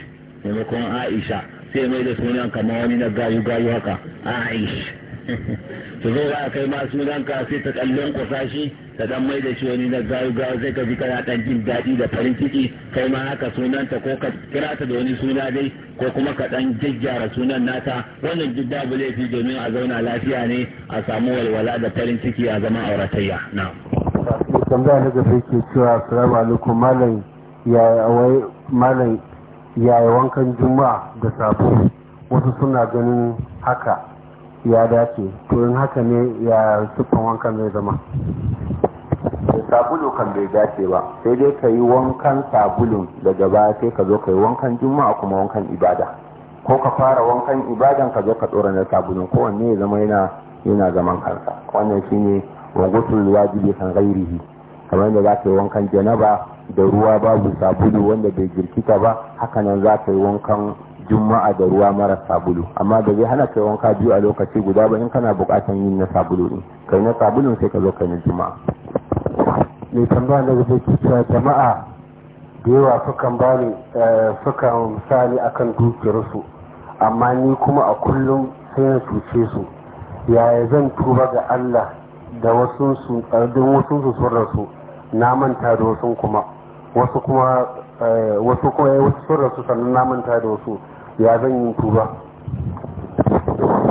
maimakon aisha sai mai da sunan kamar wani na gayu gayu haka aish to zai a kai ma sunan ka sai ta kallon kwasashi ta dan mai da shi wani na gayu gayu zai ka ji kana dan jin daɗi da farin ciki kai ma haka sunanta ko ka kira ta da wani suna dai ko kuma ka dan jajjara sunan nata wannan duk babu laifi domin a zauna lafiya ne a samu walwala da farin ciki a zama auratayya na'am tambaya na gaba yake cewa assalamu alaikum malam yaya wankan juma'a da sabo wasu suna ganin haka ya dace to in haka ne ya sukan wankan zai zama da sabulu kan bai dace ba sai dai ka yi wankan sabulun daga baya sai ka zo ka yi wankan juma'a kuma wankan ibada ko ka fara wankan ibadan ka zo ka tsoron na sabulun kowanne ya zama yana yana zaman kansa wannan shine wa gusul wajibi kan gairihi kamar da za ka yi wankan janaba da ruwa babu sabulu wanda bai jirkita ba hakanan za ka yi wankan juma'a da ruwa mara sabulu amma da zai hana kai wanka biyu a lokaci guda ba in kana bukatan yin na sabulu ne kai na sabulun sai ka zo kai na juma'a mai tambaya da zai ci cewa jama'a da yawa sukan bani eh, sukan misali akan dukiyarsu amma ni kuma a kullum sai na cuce su yaya zan tuba ga Allah da wasu su eh, don wasu su sun rasu na manta da wasu kuma wasu kuma eh, wasu kuma wasu sun rasu sannan na manta da wasu ya zan yi tuba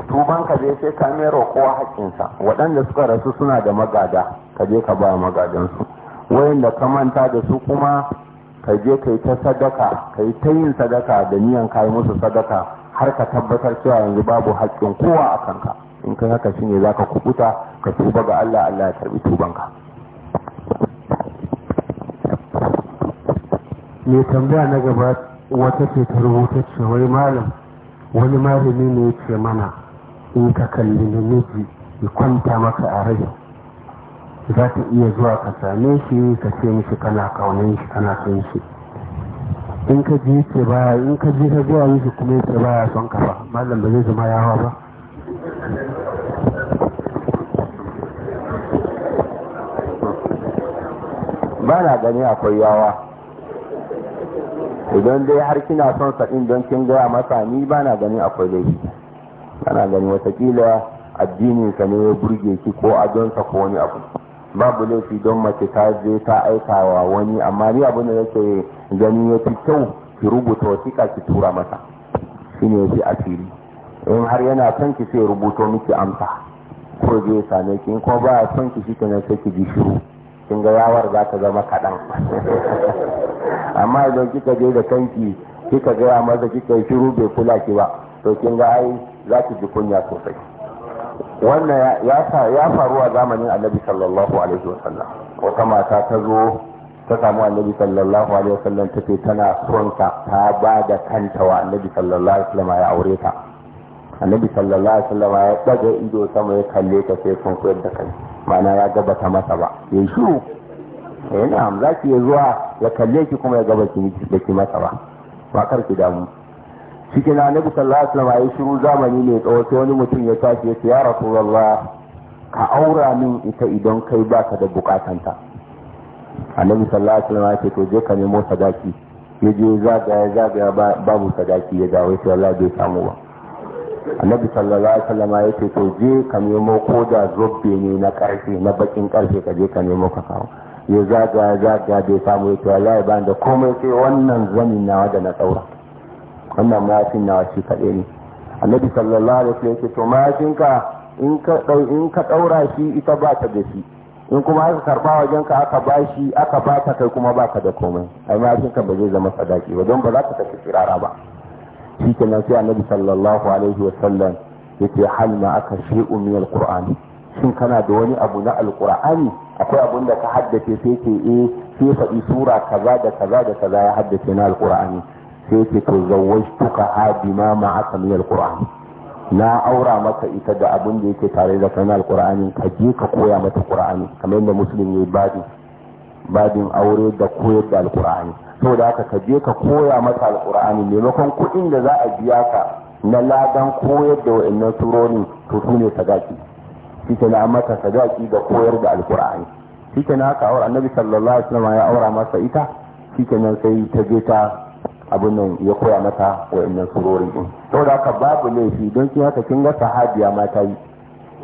tuban ka je sai ka mero kowa haƙƙinsa waɗanda suka rasu suna da magada ka je ka ba magadansu wayanda ka manta da su kuma ka je ka yi ta sadaka ka yi ta yin sadaka da niyan ka yi musu sadaka har ka tabbatar cewa yanzu babu haƙƙin kowa a kanka in kai haka shine za ka kubuta ka tuba ga Allah Allah ya karbi tubanka mai tambaya na gaba wata ce ta rubuta ce wai malam wani malami ne ya ce mana in ka kalli namiji ya kwanta maka a rai za ta iya zuwa ka same shi ka ce mishi kana kaunin shi kana son shi in ka ji ce ba in ka ji ka zuwa mishi kuma ya ce ba ya son ka ba malam ba zai zama yawa ba ba na gani akwai yawa idan dai har kina son sa din don kin gaya masa ni ba na ganin akwai laifi kana gani watakila addinin ka ne ya burge ki ko adonsa ko wani abu babu laifi don mace ta je ta aikawa wani amma ni abin da yake gani ya fi kyau ki rubuta wasiƙa ki tura masa shine yafi asiri in har yana son ki sai rubuto miki amsa ko zai same ki in kuma ba son ki shi kenan sai ki ji shiru kin ga yawar za ka zama kaɗan amma idan kika je da kanki kika gaya maza kika yi shiru bai kula ki ba to kin ga ai za ki ji kunya sosai wannan ya faru a zamanin annabi sallallahu alaihi wasallam wata mata ta zo ta samu annabi sallallahu alaihi wasallam ta ce tana son ka ta ba da kanta wa annabi sallallahu alaihi wasallam ya aure ta annabi sallallahu alaihi wasallam ya daga ido sama ya kalle ta sai kun koyar da kai mana ya gabata masa ba ya shiru ya eh, na'am za ki zuwa ya kalle ki kuma ya gabata miki da ki masa ba ba kar ki damu cikin annabi sallallahu alaihi wasallam ya shiru zamani ne tsawo sai wani mutum ya tashi ya ce ya rasulullah ka aura min ita idan kai baka da bukatanta annabi sallallahu alaihi wasallam ya ce to je ka nemo sadaki ya je zagaya zagaya babu sadaki ya dawo sai Allah bai samu ba annabi sallallahu alaihi wasallam ya ce to je ka nemo ko da zobbe ne na karfe na bakin karfe ka je ka nemo ka kawo ya zaga zaga bai samu ya ce wallahi ba da komai sai wannan zanin nawa da na tsaura wannan mayafin nawa shi kaɗai ne annabi sallallahu alaihi wasallam ya ce to mayafinka in ka in ka daura shi ita ba ta da shi in kuma aka karba wajen ka aka ba shi aka ba ta kai kuma ba ka da komai ai mayafin ka ba zai zama sadaki ba don ba za ka tafi firara ba shi kenan sai annabi sallallahu alaihi wasallam yake halma aka shi'u min alqur'ani shin kana da wani abu na alqur'ani akwai abun da ka haddace sai ke eh sai faɗi sura kaza da kaza da kaza ya haddace na alqur'ani sai ke to zawwajtuka ha bima ma aka min alqur'ani na aura maka ita da abun da yake tare da kana alqur'ani ka je ka koya mata qur'ani kamar yadda muslim ya yi babin babin aure da koyar da alqur'ani to da haka ka je ka koya mata Alƙur'ani maimakon kuɗin da za a biya ka na ladan koyar da wa'annan turoni to su ne sadaki shi ke na mata sadaki da koyar da Alƙur'ani shi ke na haka aure annabi sallallahu alaihi wasallam ya aura masa ita shi ke nan sai ta je ta abin nan ya koya mata wa'annan surorin din to da haka babu laifi don kin haka kin ga sahabiya ma ta yi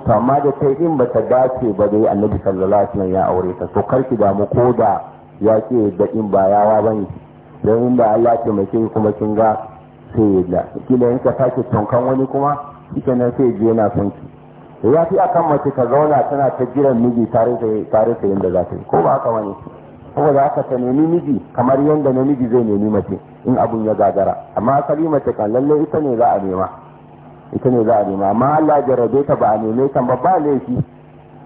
to amma da ta yi in bata dace ba dai annabi sallallahu alaihi wasallam ya aure ta to kar ki damu ko da ya ce da in ba yawa ba ne don in ba Allah ce mace kuma kin ga sai ya da kila in ka sake tonkan wani kuma ita nan sai je na son ki ya fi akan mace ka zauna tana ta jiran miji tare da inda za ta yi ko ba haka wani Ko za haka ta nemi miji kamar yadda namiji zai nemi mace in abun ya gagara amma asali mace kan lalle ita ne za a nema ita ne za a nema amma Allah jarabe ta ba a neme ta ba ba laifi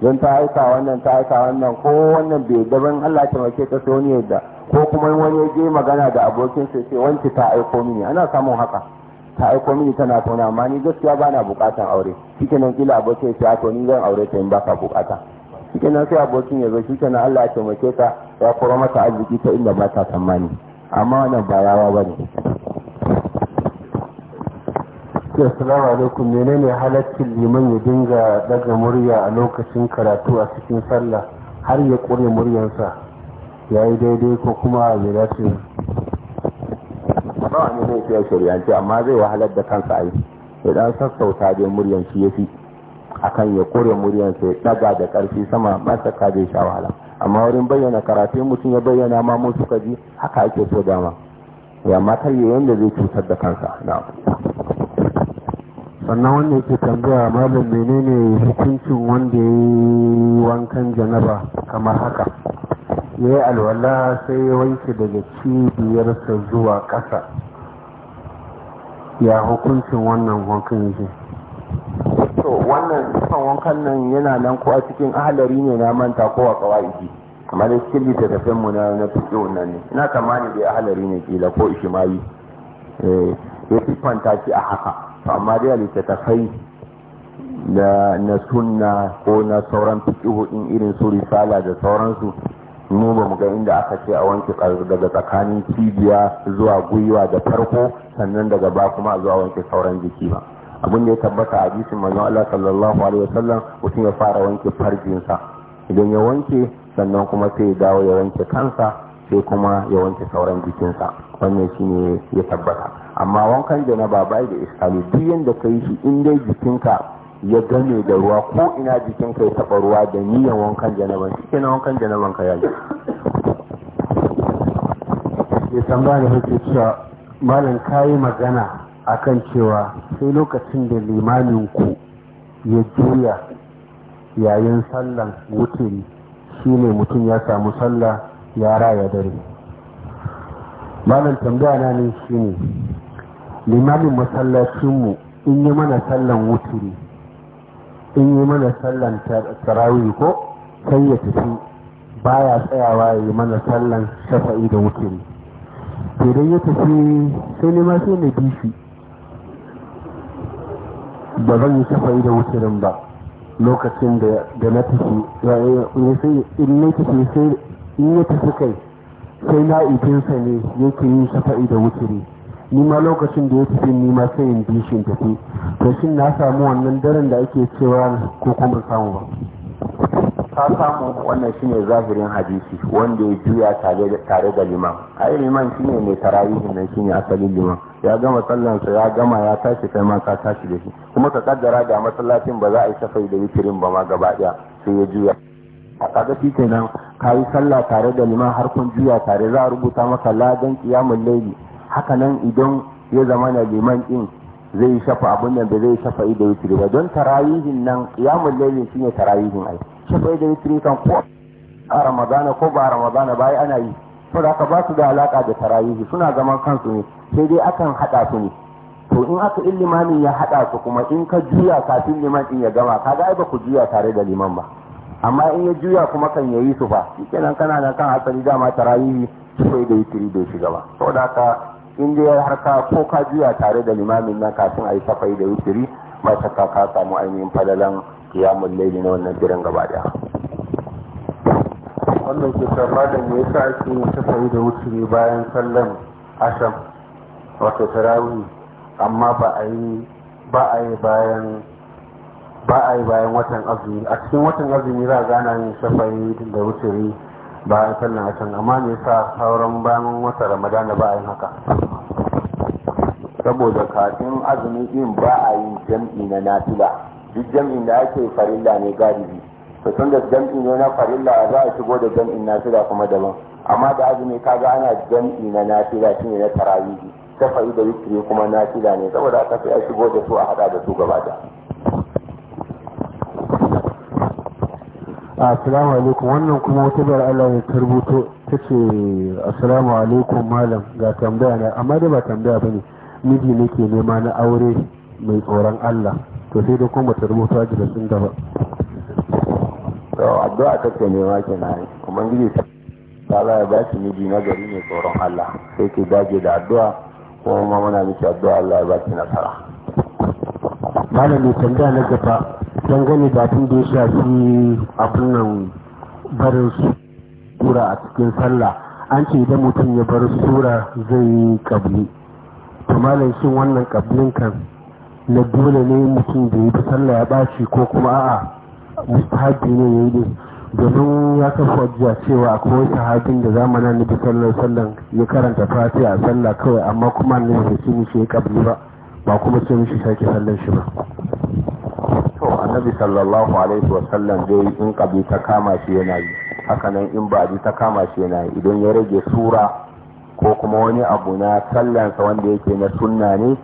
don ta aika wannan ta aika wannan ko wannan bai daban Allah ta mace ta so ne yadda ko kuma wani ya je magana da abokin sai ce wanki ta aiko mini ana samun haka ta aiko mini tana tona amma ni gaskiya ba na bukatan aure shikenan kila abokin sai to ni zan aure ta in baka bukata shikenan sai abokin ya zo shikenan Allah ya mace ta ya koro mata arziki ta inda ba ta tsammani amma wannan ba yawa bane ce assalamu alaikum menene halaccin liman ya dinga daga murya a lokacin karatu a cikin sallah har ya kure muryansa ya yi daidai ko kuma ya dace ba wani ne ya shari'anci amma zai wahalar da kansa ai ya dan sassauta da muryan shi yafi akan ya kure muryansa ya daga da karfi sama masa ka bai sha wahala amma wurin bayyana karatun mutum ya bayyana ma mu suka ji haka ake so dama ya matar yayin da zai cutar da kansa na'am sannan wanda yake tambaya malam menene hukuncin wanda ya yi wankan janaba kamar haka ya yi alwala sai ya wanke daga cibiyarsa zuwa ƙasa ya hukuncin wannan wankan yake to wannan kan wankan nan yana nan ko cikin ahalari ne na manta ko a kawai amma da cikin littattafin mu na na fiƙi wannan ne ina kama ne da ahalari ne kila ko ishimali eh, ya siffanta shi a haka to amma dai littattafai da na sunna ko na sauran fikihu irin su risala da sauransu mu ba mu ga inda aka ce a wanke daga tsakanin cibiya zuwa gwiwa da farko sannan daga ba kuma zuwa wanke sauran jiki ba abin da ya tabbata a jisun manzon Allah sallallahu alaihi wasallam mutum ya fara wanke farjinsa idan ya wanke sannan kuma sai ya dawo ya wanke kansa sai kuma ya wanke sauran jikinsa wannan shine ya tabbata amma wankan na baba da iskali duk yanda ka yi shi in dai jikinka ya game da ruwa ko ina jikinka ya taba ruwa da niyyar wankan janaban shi kenan wankan janaban ka yaji ya tambaya da hake cewa malam kayi magana akan cewa sai lokacin da limamin ku ya juya yayin sallan wuturi shine mutum ya samu sallah ya raya dare malam tambaya na ne shine limamin masallacinmu in yi mana sallan wuturi in yi mana sallan tarawih ko sai ya tafi baya tsayawa ya yi mana sallan shafa'i da wuturi idan ya tafi sai ne ma sai na bishi ba zan yi shafa'i da wuturin ba lokacin da na tafi in na tafi sai in ya tafi kai sai na'ibinsa ne yake yin shafa'i da wuturi nima lokacin da ya tafi ni ma sai in bi tafi to shin na samu wannan daren da ake cewa ko kuma samu ba ka samu wannan shine zahirin hadisi wanda ya juya tare da liman yi liman ne mai tarawihin nan shine asalin liman ya gama sallansa ya gama ya tashi kai ma ka tashi da shi kuma ka kaddara da masallacin ba za a yi safai da witirin ba ma gaba daya sai ya juya a kaga shi kenan ka yi sallah tare da liman har kun juya tare za a rubuta maka ladan kiyamul laili haka nan idan ya zama na liman ɗin zai shafa abin nan da zai shafa da witiri ba don tarayihin nan ya lailin shi ne tarayihin ai shafa da witiri kan ko a ramadana ko ba ramadana bai ana yi to da ba su da alaka da tarayihi suna zaman kansu ne sai dai akan haɗa su ne to in aka in limamin ya haɗa su kuma in ka juya kafin liman ɗin ya gama kaga ai ba ku juya tare da liman ba amma in ya juya kuma kan yayi su fa kenan kana nan kan asali dama tarayihi shafa da witiri bai shiga ba saboda haka in dai har ka ko ka juya tare da limamin nan kafin a yi safai da wuturi ba ta ka samu ainihin falalan kiyamun laili na wannan jiran gaba daya wannan ke sarfa da me yasa ake yin safai da wuturi bayan sallan asham wato tarawi amma ba a yi ba a yi bayan ba a yi bayan watan azumi a cikin watan azumi za a gana yin safai da wuturi bayan sallan asham amma me yasa sauran bayan wata ramadana ba a yin haka saboda kafin azumi din ba a yin jam'i na nafila duk jam'in da ake farilla ne galibi to tun da jam'i ne na farilla za a shigo da jam'in nafila kuma daban amma da azumi kaga ana jam'i na nafila shine na tarawihi shafa'i da witri kuma nafila ne saboda haka sai a shigo da su a hada da su gaba da assalamu alaikum wannan kuma wata bar Allah ya tarbuto tace assalamu alaikum malam ga tambaya ne amma da ba tambaya bane miji ke nema na aure mai tsoron Allah to sai dai kuma ta rubuta sun da ba to addu'a kake nema kenan kuma gidi ta Allah ya ba shi miji na gari mai tsoron Allah sai ke dage da addu'a kuma muna miki addu'a Allah ya ba shi nasara malami tambaya na gaba dangane da abin da ya shafi abin nan barin sura a cikin sallah an ce idan mutum ya bar sura zai yi kabli malam shi wannan kablin kan na dole ne mutum da yi sallah ya bashi ko kuma a'a mustahabi ne ya yi domin ya kafa jiya cewa akwai sahabin da zamanin nabi sallar sallan ya karanta fati a sallah kawai amma kuma ne da shi ne shi kabli ba ba kuma ce mishi sake sallan shi ba to annabi sallallahu alaihi wa sallam dai in kabli ta kama shi yana yi hakanan in ba ta kama shi yana yi idan ya rage sura ko kuma wani abu na sallansa wanda yake na sunna ne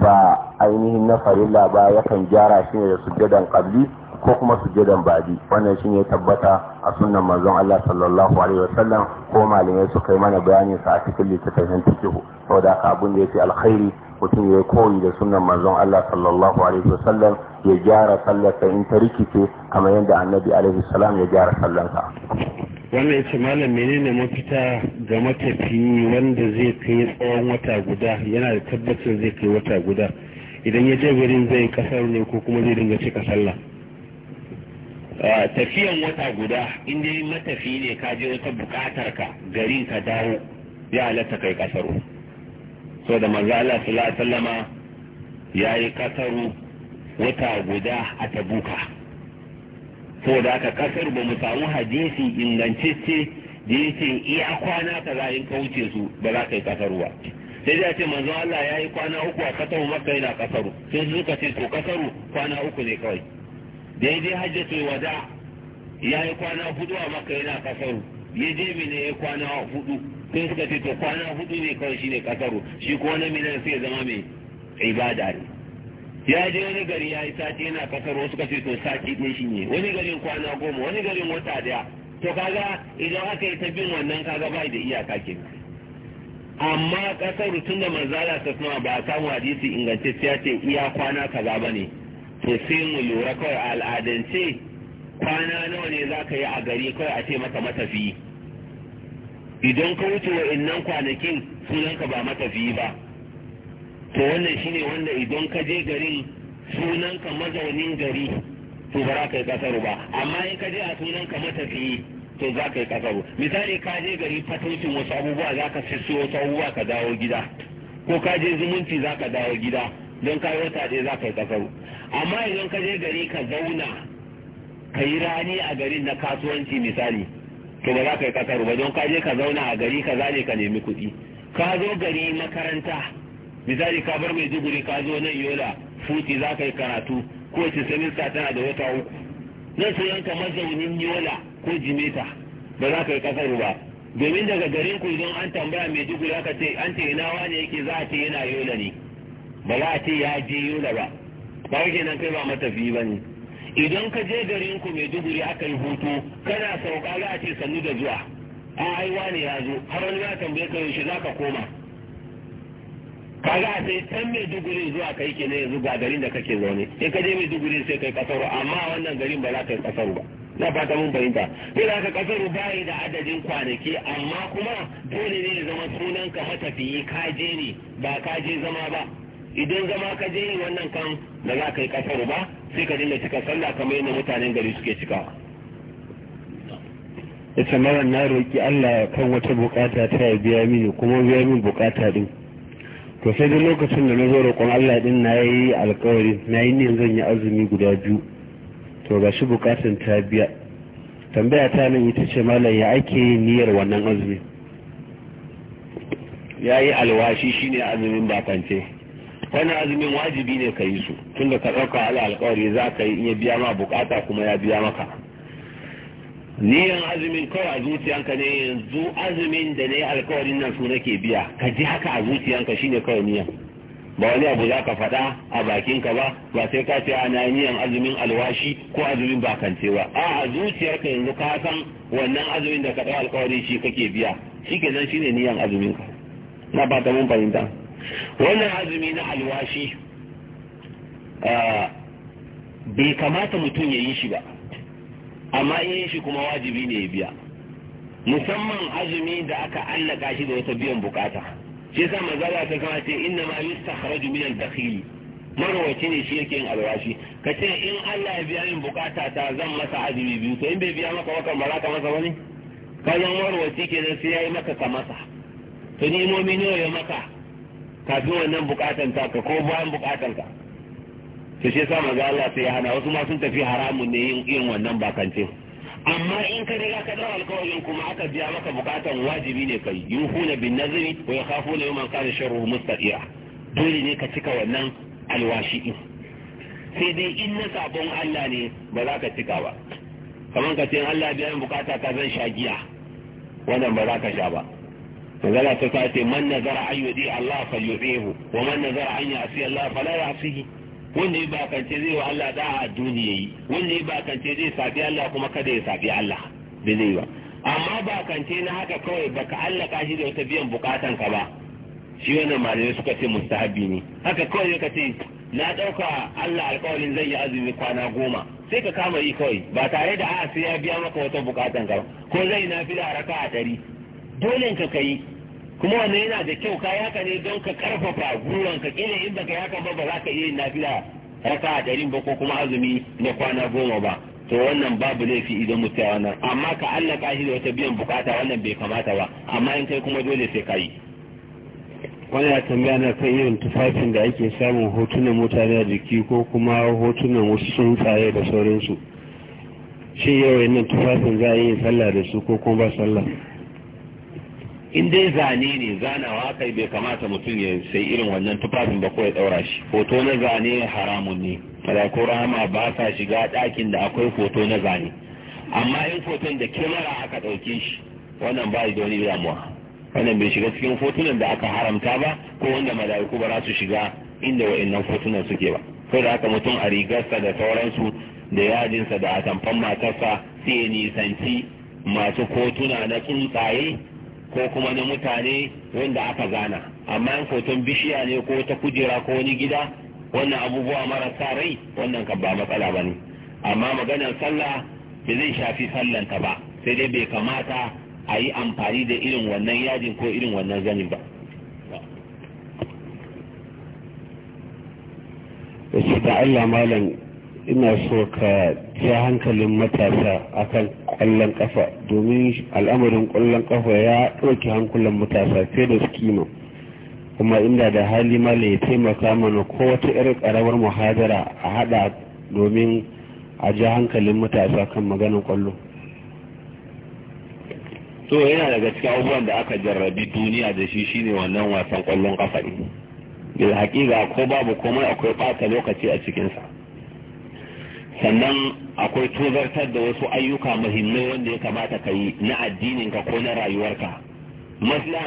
ba ainihin na farilla ba yakan gyara shi ne da sujjadan qabli ko kuma sujjadan badi wannan shi ne tabbata a sunnan manzon Allah sallallahu alaihi wasallam ko malamai suka yi mana bayanin sa a cikin littafin fiqh saboda haka abun da yake alkhairi mutum ya koyi da sunan manzon Allah sallallahu alaihi wasallam ya gyara sallarsa in ta rikice kamar yadda annabi alaihi salam ya gyara sallarsa wannan ya ce malam ne mafita ga matafiyi wanda zai kai tsawon wata guda yana da tabbacin zai kai wata guda idan ya je wurin zai kasar ne ko kuma zai dinga cika sallah tafiyan wata guda in dai matafi ne ka je wata bukatar ka garin ka dawo ya halatta kai kasaru so da manzo Allah sallallahu alaihi wasallama yayi kasaru wata guda a tabuka da aka kasar ba mu samu hadisi ingantacce da yake iya kwana ka za in kauce su ba za ka yi kasarwa sai da ce manzo Allah ya yi kwana uku a kasaru maka yana kasaru sai suka ce to kasaru kwana uku ne kawai daidai hajjatu wada ya yi kwana hudu a maka yana kasaru ya je mine ya kwana hudu sai suka ce to kwana hudu ne kawai shine kasaru shi ko wani minan sai zama mai ibada ne ya je wani gari ya yi sati yana kasar wasu kasu to sati ne shi ne wani garin kwana goma wani garin wata daya to kaga idan aka yi ta bin wannan kaga bai da iyaka ke amma kasar tun da manzala ta suna ba a samu hadisi siya ce iya kwana kaza ba ne to sai mu lura kawai a al'adance kwana nawa ne za ka yi a gari kawai a ce maka matafiyi idan ka wuce wa innan kwanakin sunanka ba matafiyi ba to wannan shine wanda idan ka je garin sunanka mazaunin gari to ba za ka yi kasar ba amma in ka je a sunanka matafiyi to za ka yi ba misali ka je gari fatocin wasu abubuwa za ka sisso wasu abubuwa ka dawo gida ko ka je zumunci za ka dawo gida don ka yi wata ɗaya za ka yi kasar amma idan ka je gari ka zauna ka yi rani a garin na kasuwanci misali to ba za ka yi kasar ba don ka je ka zauna a gari ka zane ka nemi kuɗi ka zo gari makaranta misali ka bar mai jiguri ka zo nan yola futi za ka yi karatu ko wace semista tana da wata uku nan sai yanka mazaunin yola ko jimeta ba za ka yi kasar ba domin daga garin ku idan an tambaya mai jiguri aka ce an ce ina ne yake za a ce yana yola ne ba za a ce ya je yola ba ba kake nan kai ba matafi ba ne idan ka je garin ku mai jiguri aka yi hutu kana sauka za a ce sannu da zuwa a aiwa ne ya zo har wani ya tambaye ka yaushe za ka koma kaga a sai can maiduguri zuwa kai ke ne zuwa garin da kake zaune in ka je maiduguri sai kai kasar amma wannan garin ba za ka yi kasaro ba na fata mun fahimta sai da ka ba bayi da adadin kwanaki amma kuma dole ne ya zama sunan ka fiye ka je ne ba ka je zama ba idan zama ka je wannan kan da za ka yi kasaro ba sai ka dinga cika sallah kamar yadda mutanen gari suke cikawa ita mara na roƙi Allah kan wata bukata ta biya mini kuma biya min bukata din to sai duk lokacin da na zo roƙon Allah din na yi alkawari na yi ne zan yi azumi guda biyu to ga shi bukatun ta biya tambaya ta nan ita ce malam ya ake yin niyyar wannan azumi ya yi alwashi shine azumin bakance wannan azumin wajibi ne ka yi su tunda ka ɗauka Allah alkawari za ka yi in ya biya ma bukata kuma ya biya maka niyan azumin kawai a zuciyanka ne yanzu azumin da ne alkawarin nan su nake biya ka ji haka a zuciyanka shine kawai niyan ba wani abu za ka faɗa a bakinka ba ba sai ka ce ana niyan azumin alwashi ko azumin bakance ba a a zuciyarka yanzu ka san wannan azumin da ka ɗau alkawarin shi kake biya shi ke nan shine niyan azumin ka na ba ta mun fahimta wannan azumi na alwashi bai kamata mutum ya yi shi ba amma in shi kuma wajibi ne ya biya musamman azumi da aka allaka shi da wata biyan bukata shi yasa manzala ta kama ce inna ma yustakhraju min al-bakhil marwaci ne shi yake yin alwashi ka ce in Allah ya biya min bukata ta zan masa azumi biyu to in bai biya maka wakan ba za ka masa wani ka zan marwaci kenan sai yayi maka ka masa to ni mu'mini ya maka kafin wannan bukatan ta ka ko bayan bukatan ka to shi yasa manzo Allah sai ya hana wasu ma sun tafi haramun ne yin irin wannan bakance amma in ka riga ka dawo alƙawarin kuma aka biya maka bukatan wajibi ne kai yuhuna bin nazri wa yakhafuna yawman kana sharruhu mustaqira dole ne ka cika wannan alwashi din sai dai in na sabon Allah ne ba za ka cika ba kamar ka ce Allah biya bukata ka zan sha giya wannan ba za ka sha ba manzala ta ce man nazara ayyudi Allah falyuhihu wa man nazara an ya'si Allah fala ya'sihi wanda ya bakance zai wa Allah da a duniya yi wanda ya bakance zai sabi Allah kuma kada ya sabi Allah da zai ba amma bakance na haka kawai baka allaka shi da wata biyan bukatan ka ba shi wannan malamai suka ce mustahabi ne haka kawai ka ce na dauka Allah alƙawarin zai yi azumi kwana goma sai ka kama yi kawai ba tare da a sai ya biya maka wata bukatan ka ko zai na fi da raka a ɗari dole ka kai kuma wannan yana da kyau ka haka ne don ka karfafa buranka kila in baka yi haka ba ba za ka iya yin nafila raka a ɗarin ba ko kuma azumi na kwana goma ba to wannan babu laifi idan mutu wannan amma ka allaka shi da wata biyan bukata wannan bai kamata ba amma in kai kuma dole sai ka yi wani ya tambaya na kan irin tufafin da ake samun hotunan mutane a jiki ko kuma hotunan wasu tsuntsaye da sauransu shin yau nan tufafin za a yi sallah da su ko kuma ba sallah in dai zane ne zanawa kai bai kamata mutum ya sai irin wannan tufafin ba ko ya daura shi hoto na zane haramun ne ko rama ba sa shiga ɗakin da akwai hoto na zane amma in hoton da kyamara aka ɗauke shi wannan ba da wani damuwa wannan bai shiga cikin hotunan da aka haramta ba ko wanda mala'iku ba za su shiga inda wa'annan hotunan suke ba ko da haka mutum a rigarsa da sauransu da yajinsa da atamfan matarsa sai nisanci masu kotuna na tsuntsaye ko kuma na mutane wanda aka gana, amma in hoton bishiya ne ko ta kujera ko wani gida wannan abubuwa marasa rai wannan kan ba matsala ba ne amma maganar sallah ba zai shafi ta ba sai dai bai kamata a yi amfani da irin wannan yajin ko irin wannan zanin ba Allah malam ina so ka ja hankalin matasa akan ƙwallon kafa domin al'amarin kwallon kafa ya ɗauki hankulan matasa fiye da su kima kuma inda da hali mala ya taimaka mana ko wata irin karamar muhadara a hada domin a ja hankalin matasa kan maganin kwallo to yana daga cikin abubuwan da aka jarrabi duniya da shi shine wannan wasan kwallon kafa ne da haƙiƙa ko babu komai akwai ɓata lokaci a cikinsa sannan akwai tozartar da wasu ayyuka muhimmai wanda ya kamata ka yi na ka ko na rayuwarka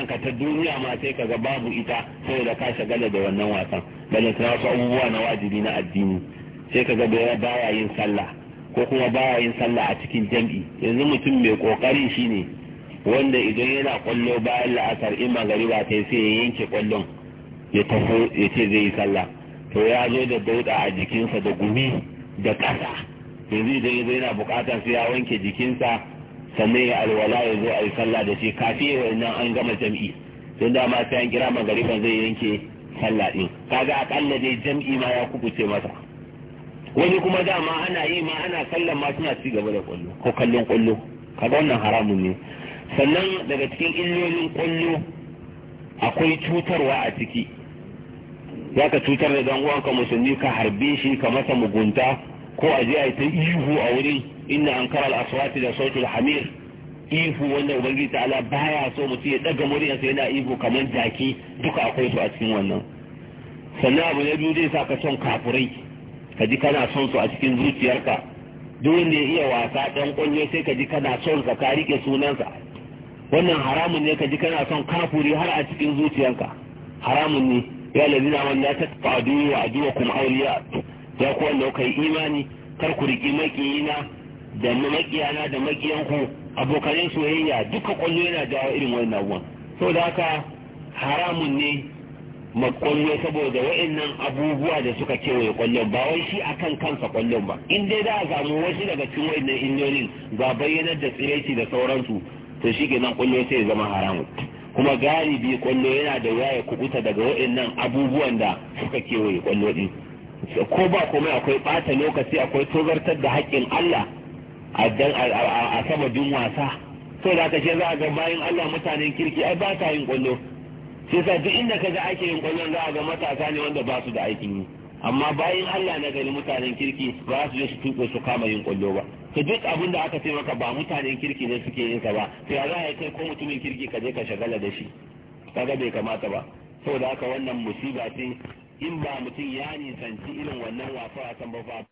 ka ta duniya ma sai ka ga babu ita saboda ka shagala da wannan wasan balantana wasu abubuwa na wajibi na addini sai ka ga baya yin sallah ko kuma baya yin sallah a cikin jam'i yanzu mutum mai kokari shine wanda idan yana kwallo bayan la'asar in magariba ta sai ya yanke kwallon ya taho ya ce zai yi sallah to ya zo da dauda a jikinsa da gumi da ƙasa yanzu idan ya zo yana bukatar sai ya wanke jikinsa sannan ya alwala ya zo a yi sallah da shi kafi ya wani an gama jam'i don ma sai an kira magariban zai yanke sallah ɗin kaga akalla dai jam'i ma ya kubuce masa wani kuma dama ana yi ma ana sallan ma suna ci gaba da kwallo ko kallon kwallo kaga wannan haramun ne sannan daga cikin illolin kwallo akwai cutarwa a ciki za ka cutar da ka musulmi ka harbe shi ka masa mugunta ko a je a yi ta ihu a wurin inna an kara al'aswati da sautul hamir ihu wanda ubangiji ala baya so mutum ya daga muryarsa yana ihu kamar jaki duka akwai su a cikin wannan sannan abu na biyu zai sa ka son kafurai ka ji kana son su a cikin zuciyarka duk wanda ya iya wasa ɗan ƙwallo sai ka ji kana son sa ka rike sunansa wannan haramun ne ka ji kana son kafuri har a cikin zuciyarka haramun ne ya lalina wanda ta fadu wa aduwa kuma auliya ya ku wanda kuka yi imani kar ku riƙi makiyina da makiyana da makiyanku abokanin soyayya duka kwallo yana da irin wannan abubuwan saboda haka haramun ne makwallo saboda wa'annan abubuwa da suka kewaye kwallon ba wai shi akan kansa kwallon ba in dai za a samu wasu daga cikin wa'annan illolin ga bayyanar da tsiraici da sauransu to shi nan kwallo sai ya zama haramun kuma galibi kwallo yana da waya kubuta daga wa'annan abubuwan da suka kewaye kwallo din ko ba komai akwai ɓata lokaci akwai tozartar da haƙƙin Allah a sama wasa sau da aka za a ga bayan Allah mutanen kirki ai ba ta yin kwallo sai sa duk inda ka ga ake yin kwallon za a ga matasa ne wanda ba su da aikin yi amma bayan Allah na gari mutanen kirki ba su je su tuko su kama yin kwallo ba to duk abin da aka ce maka ba mutanen kirki ne suke yin sa ba to ya za a kai ko mutumin kirki ka je ka shagala da shi kaga bai kamata ba saboda haka wannan musiba ce in ba mutum ya nisanci irin wannan wasa wasan ba fa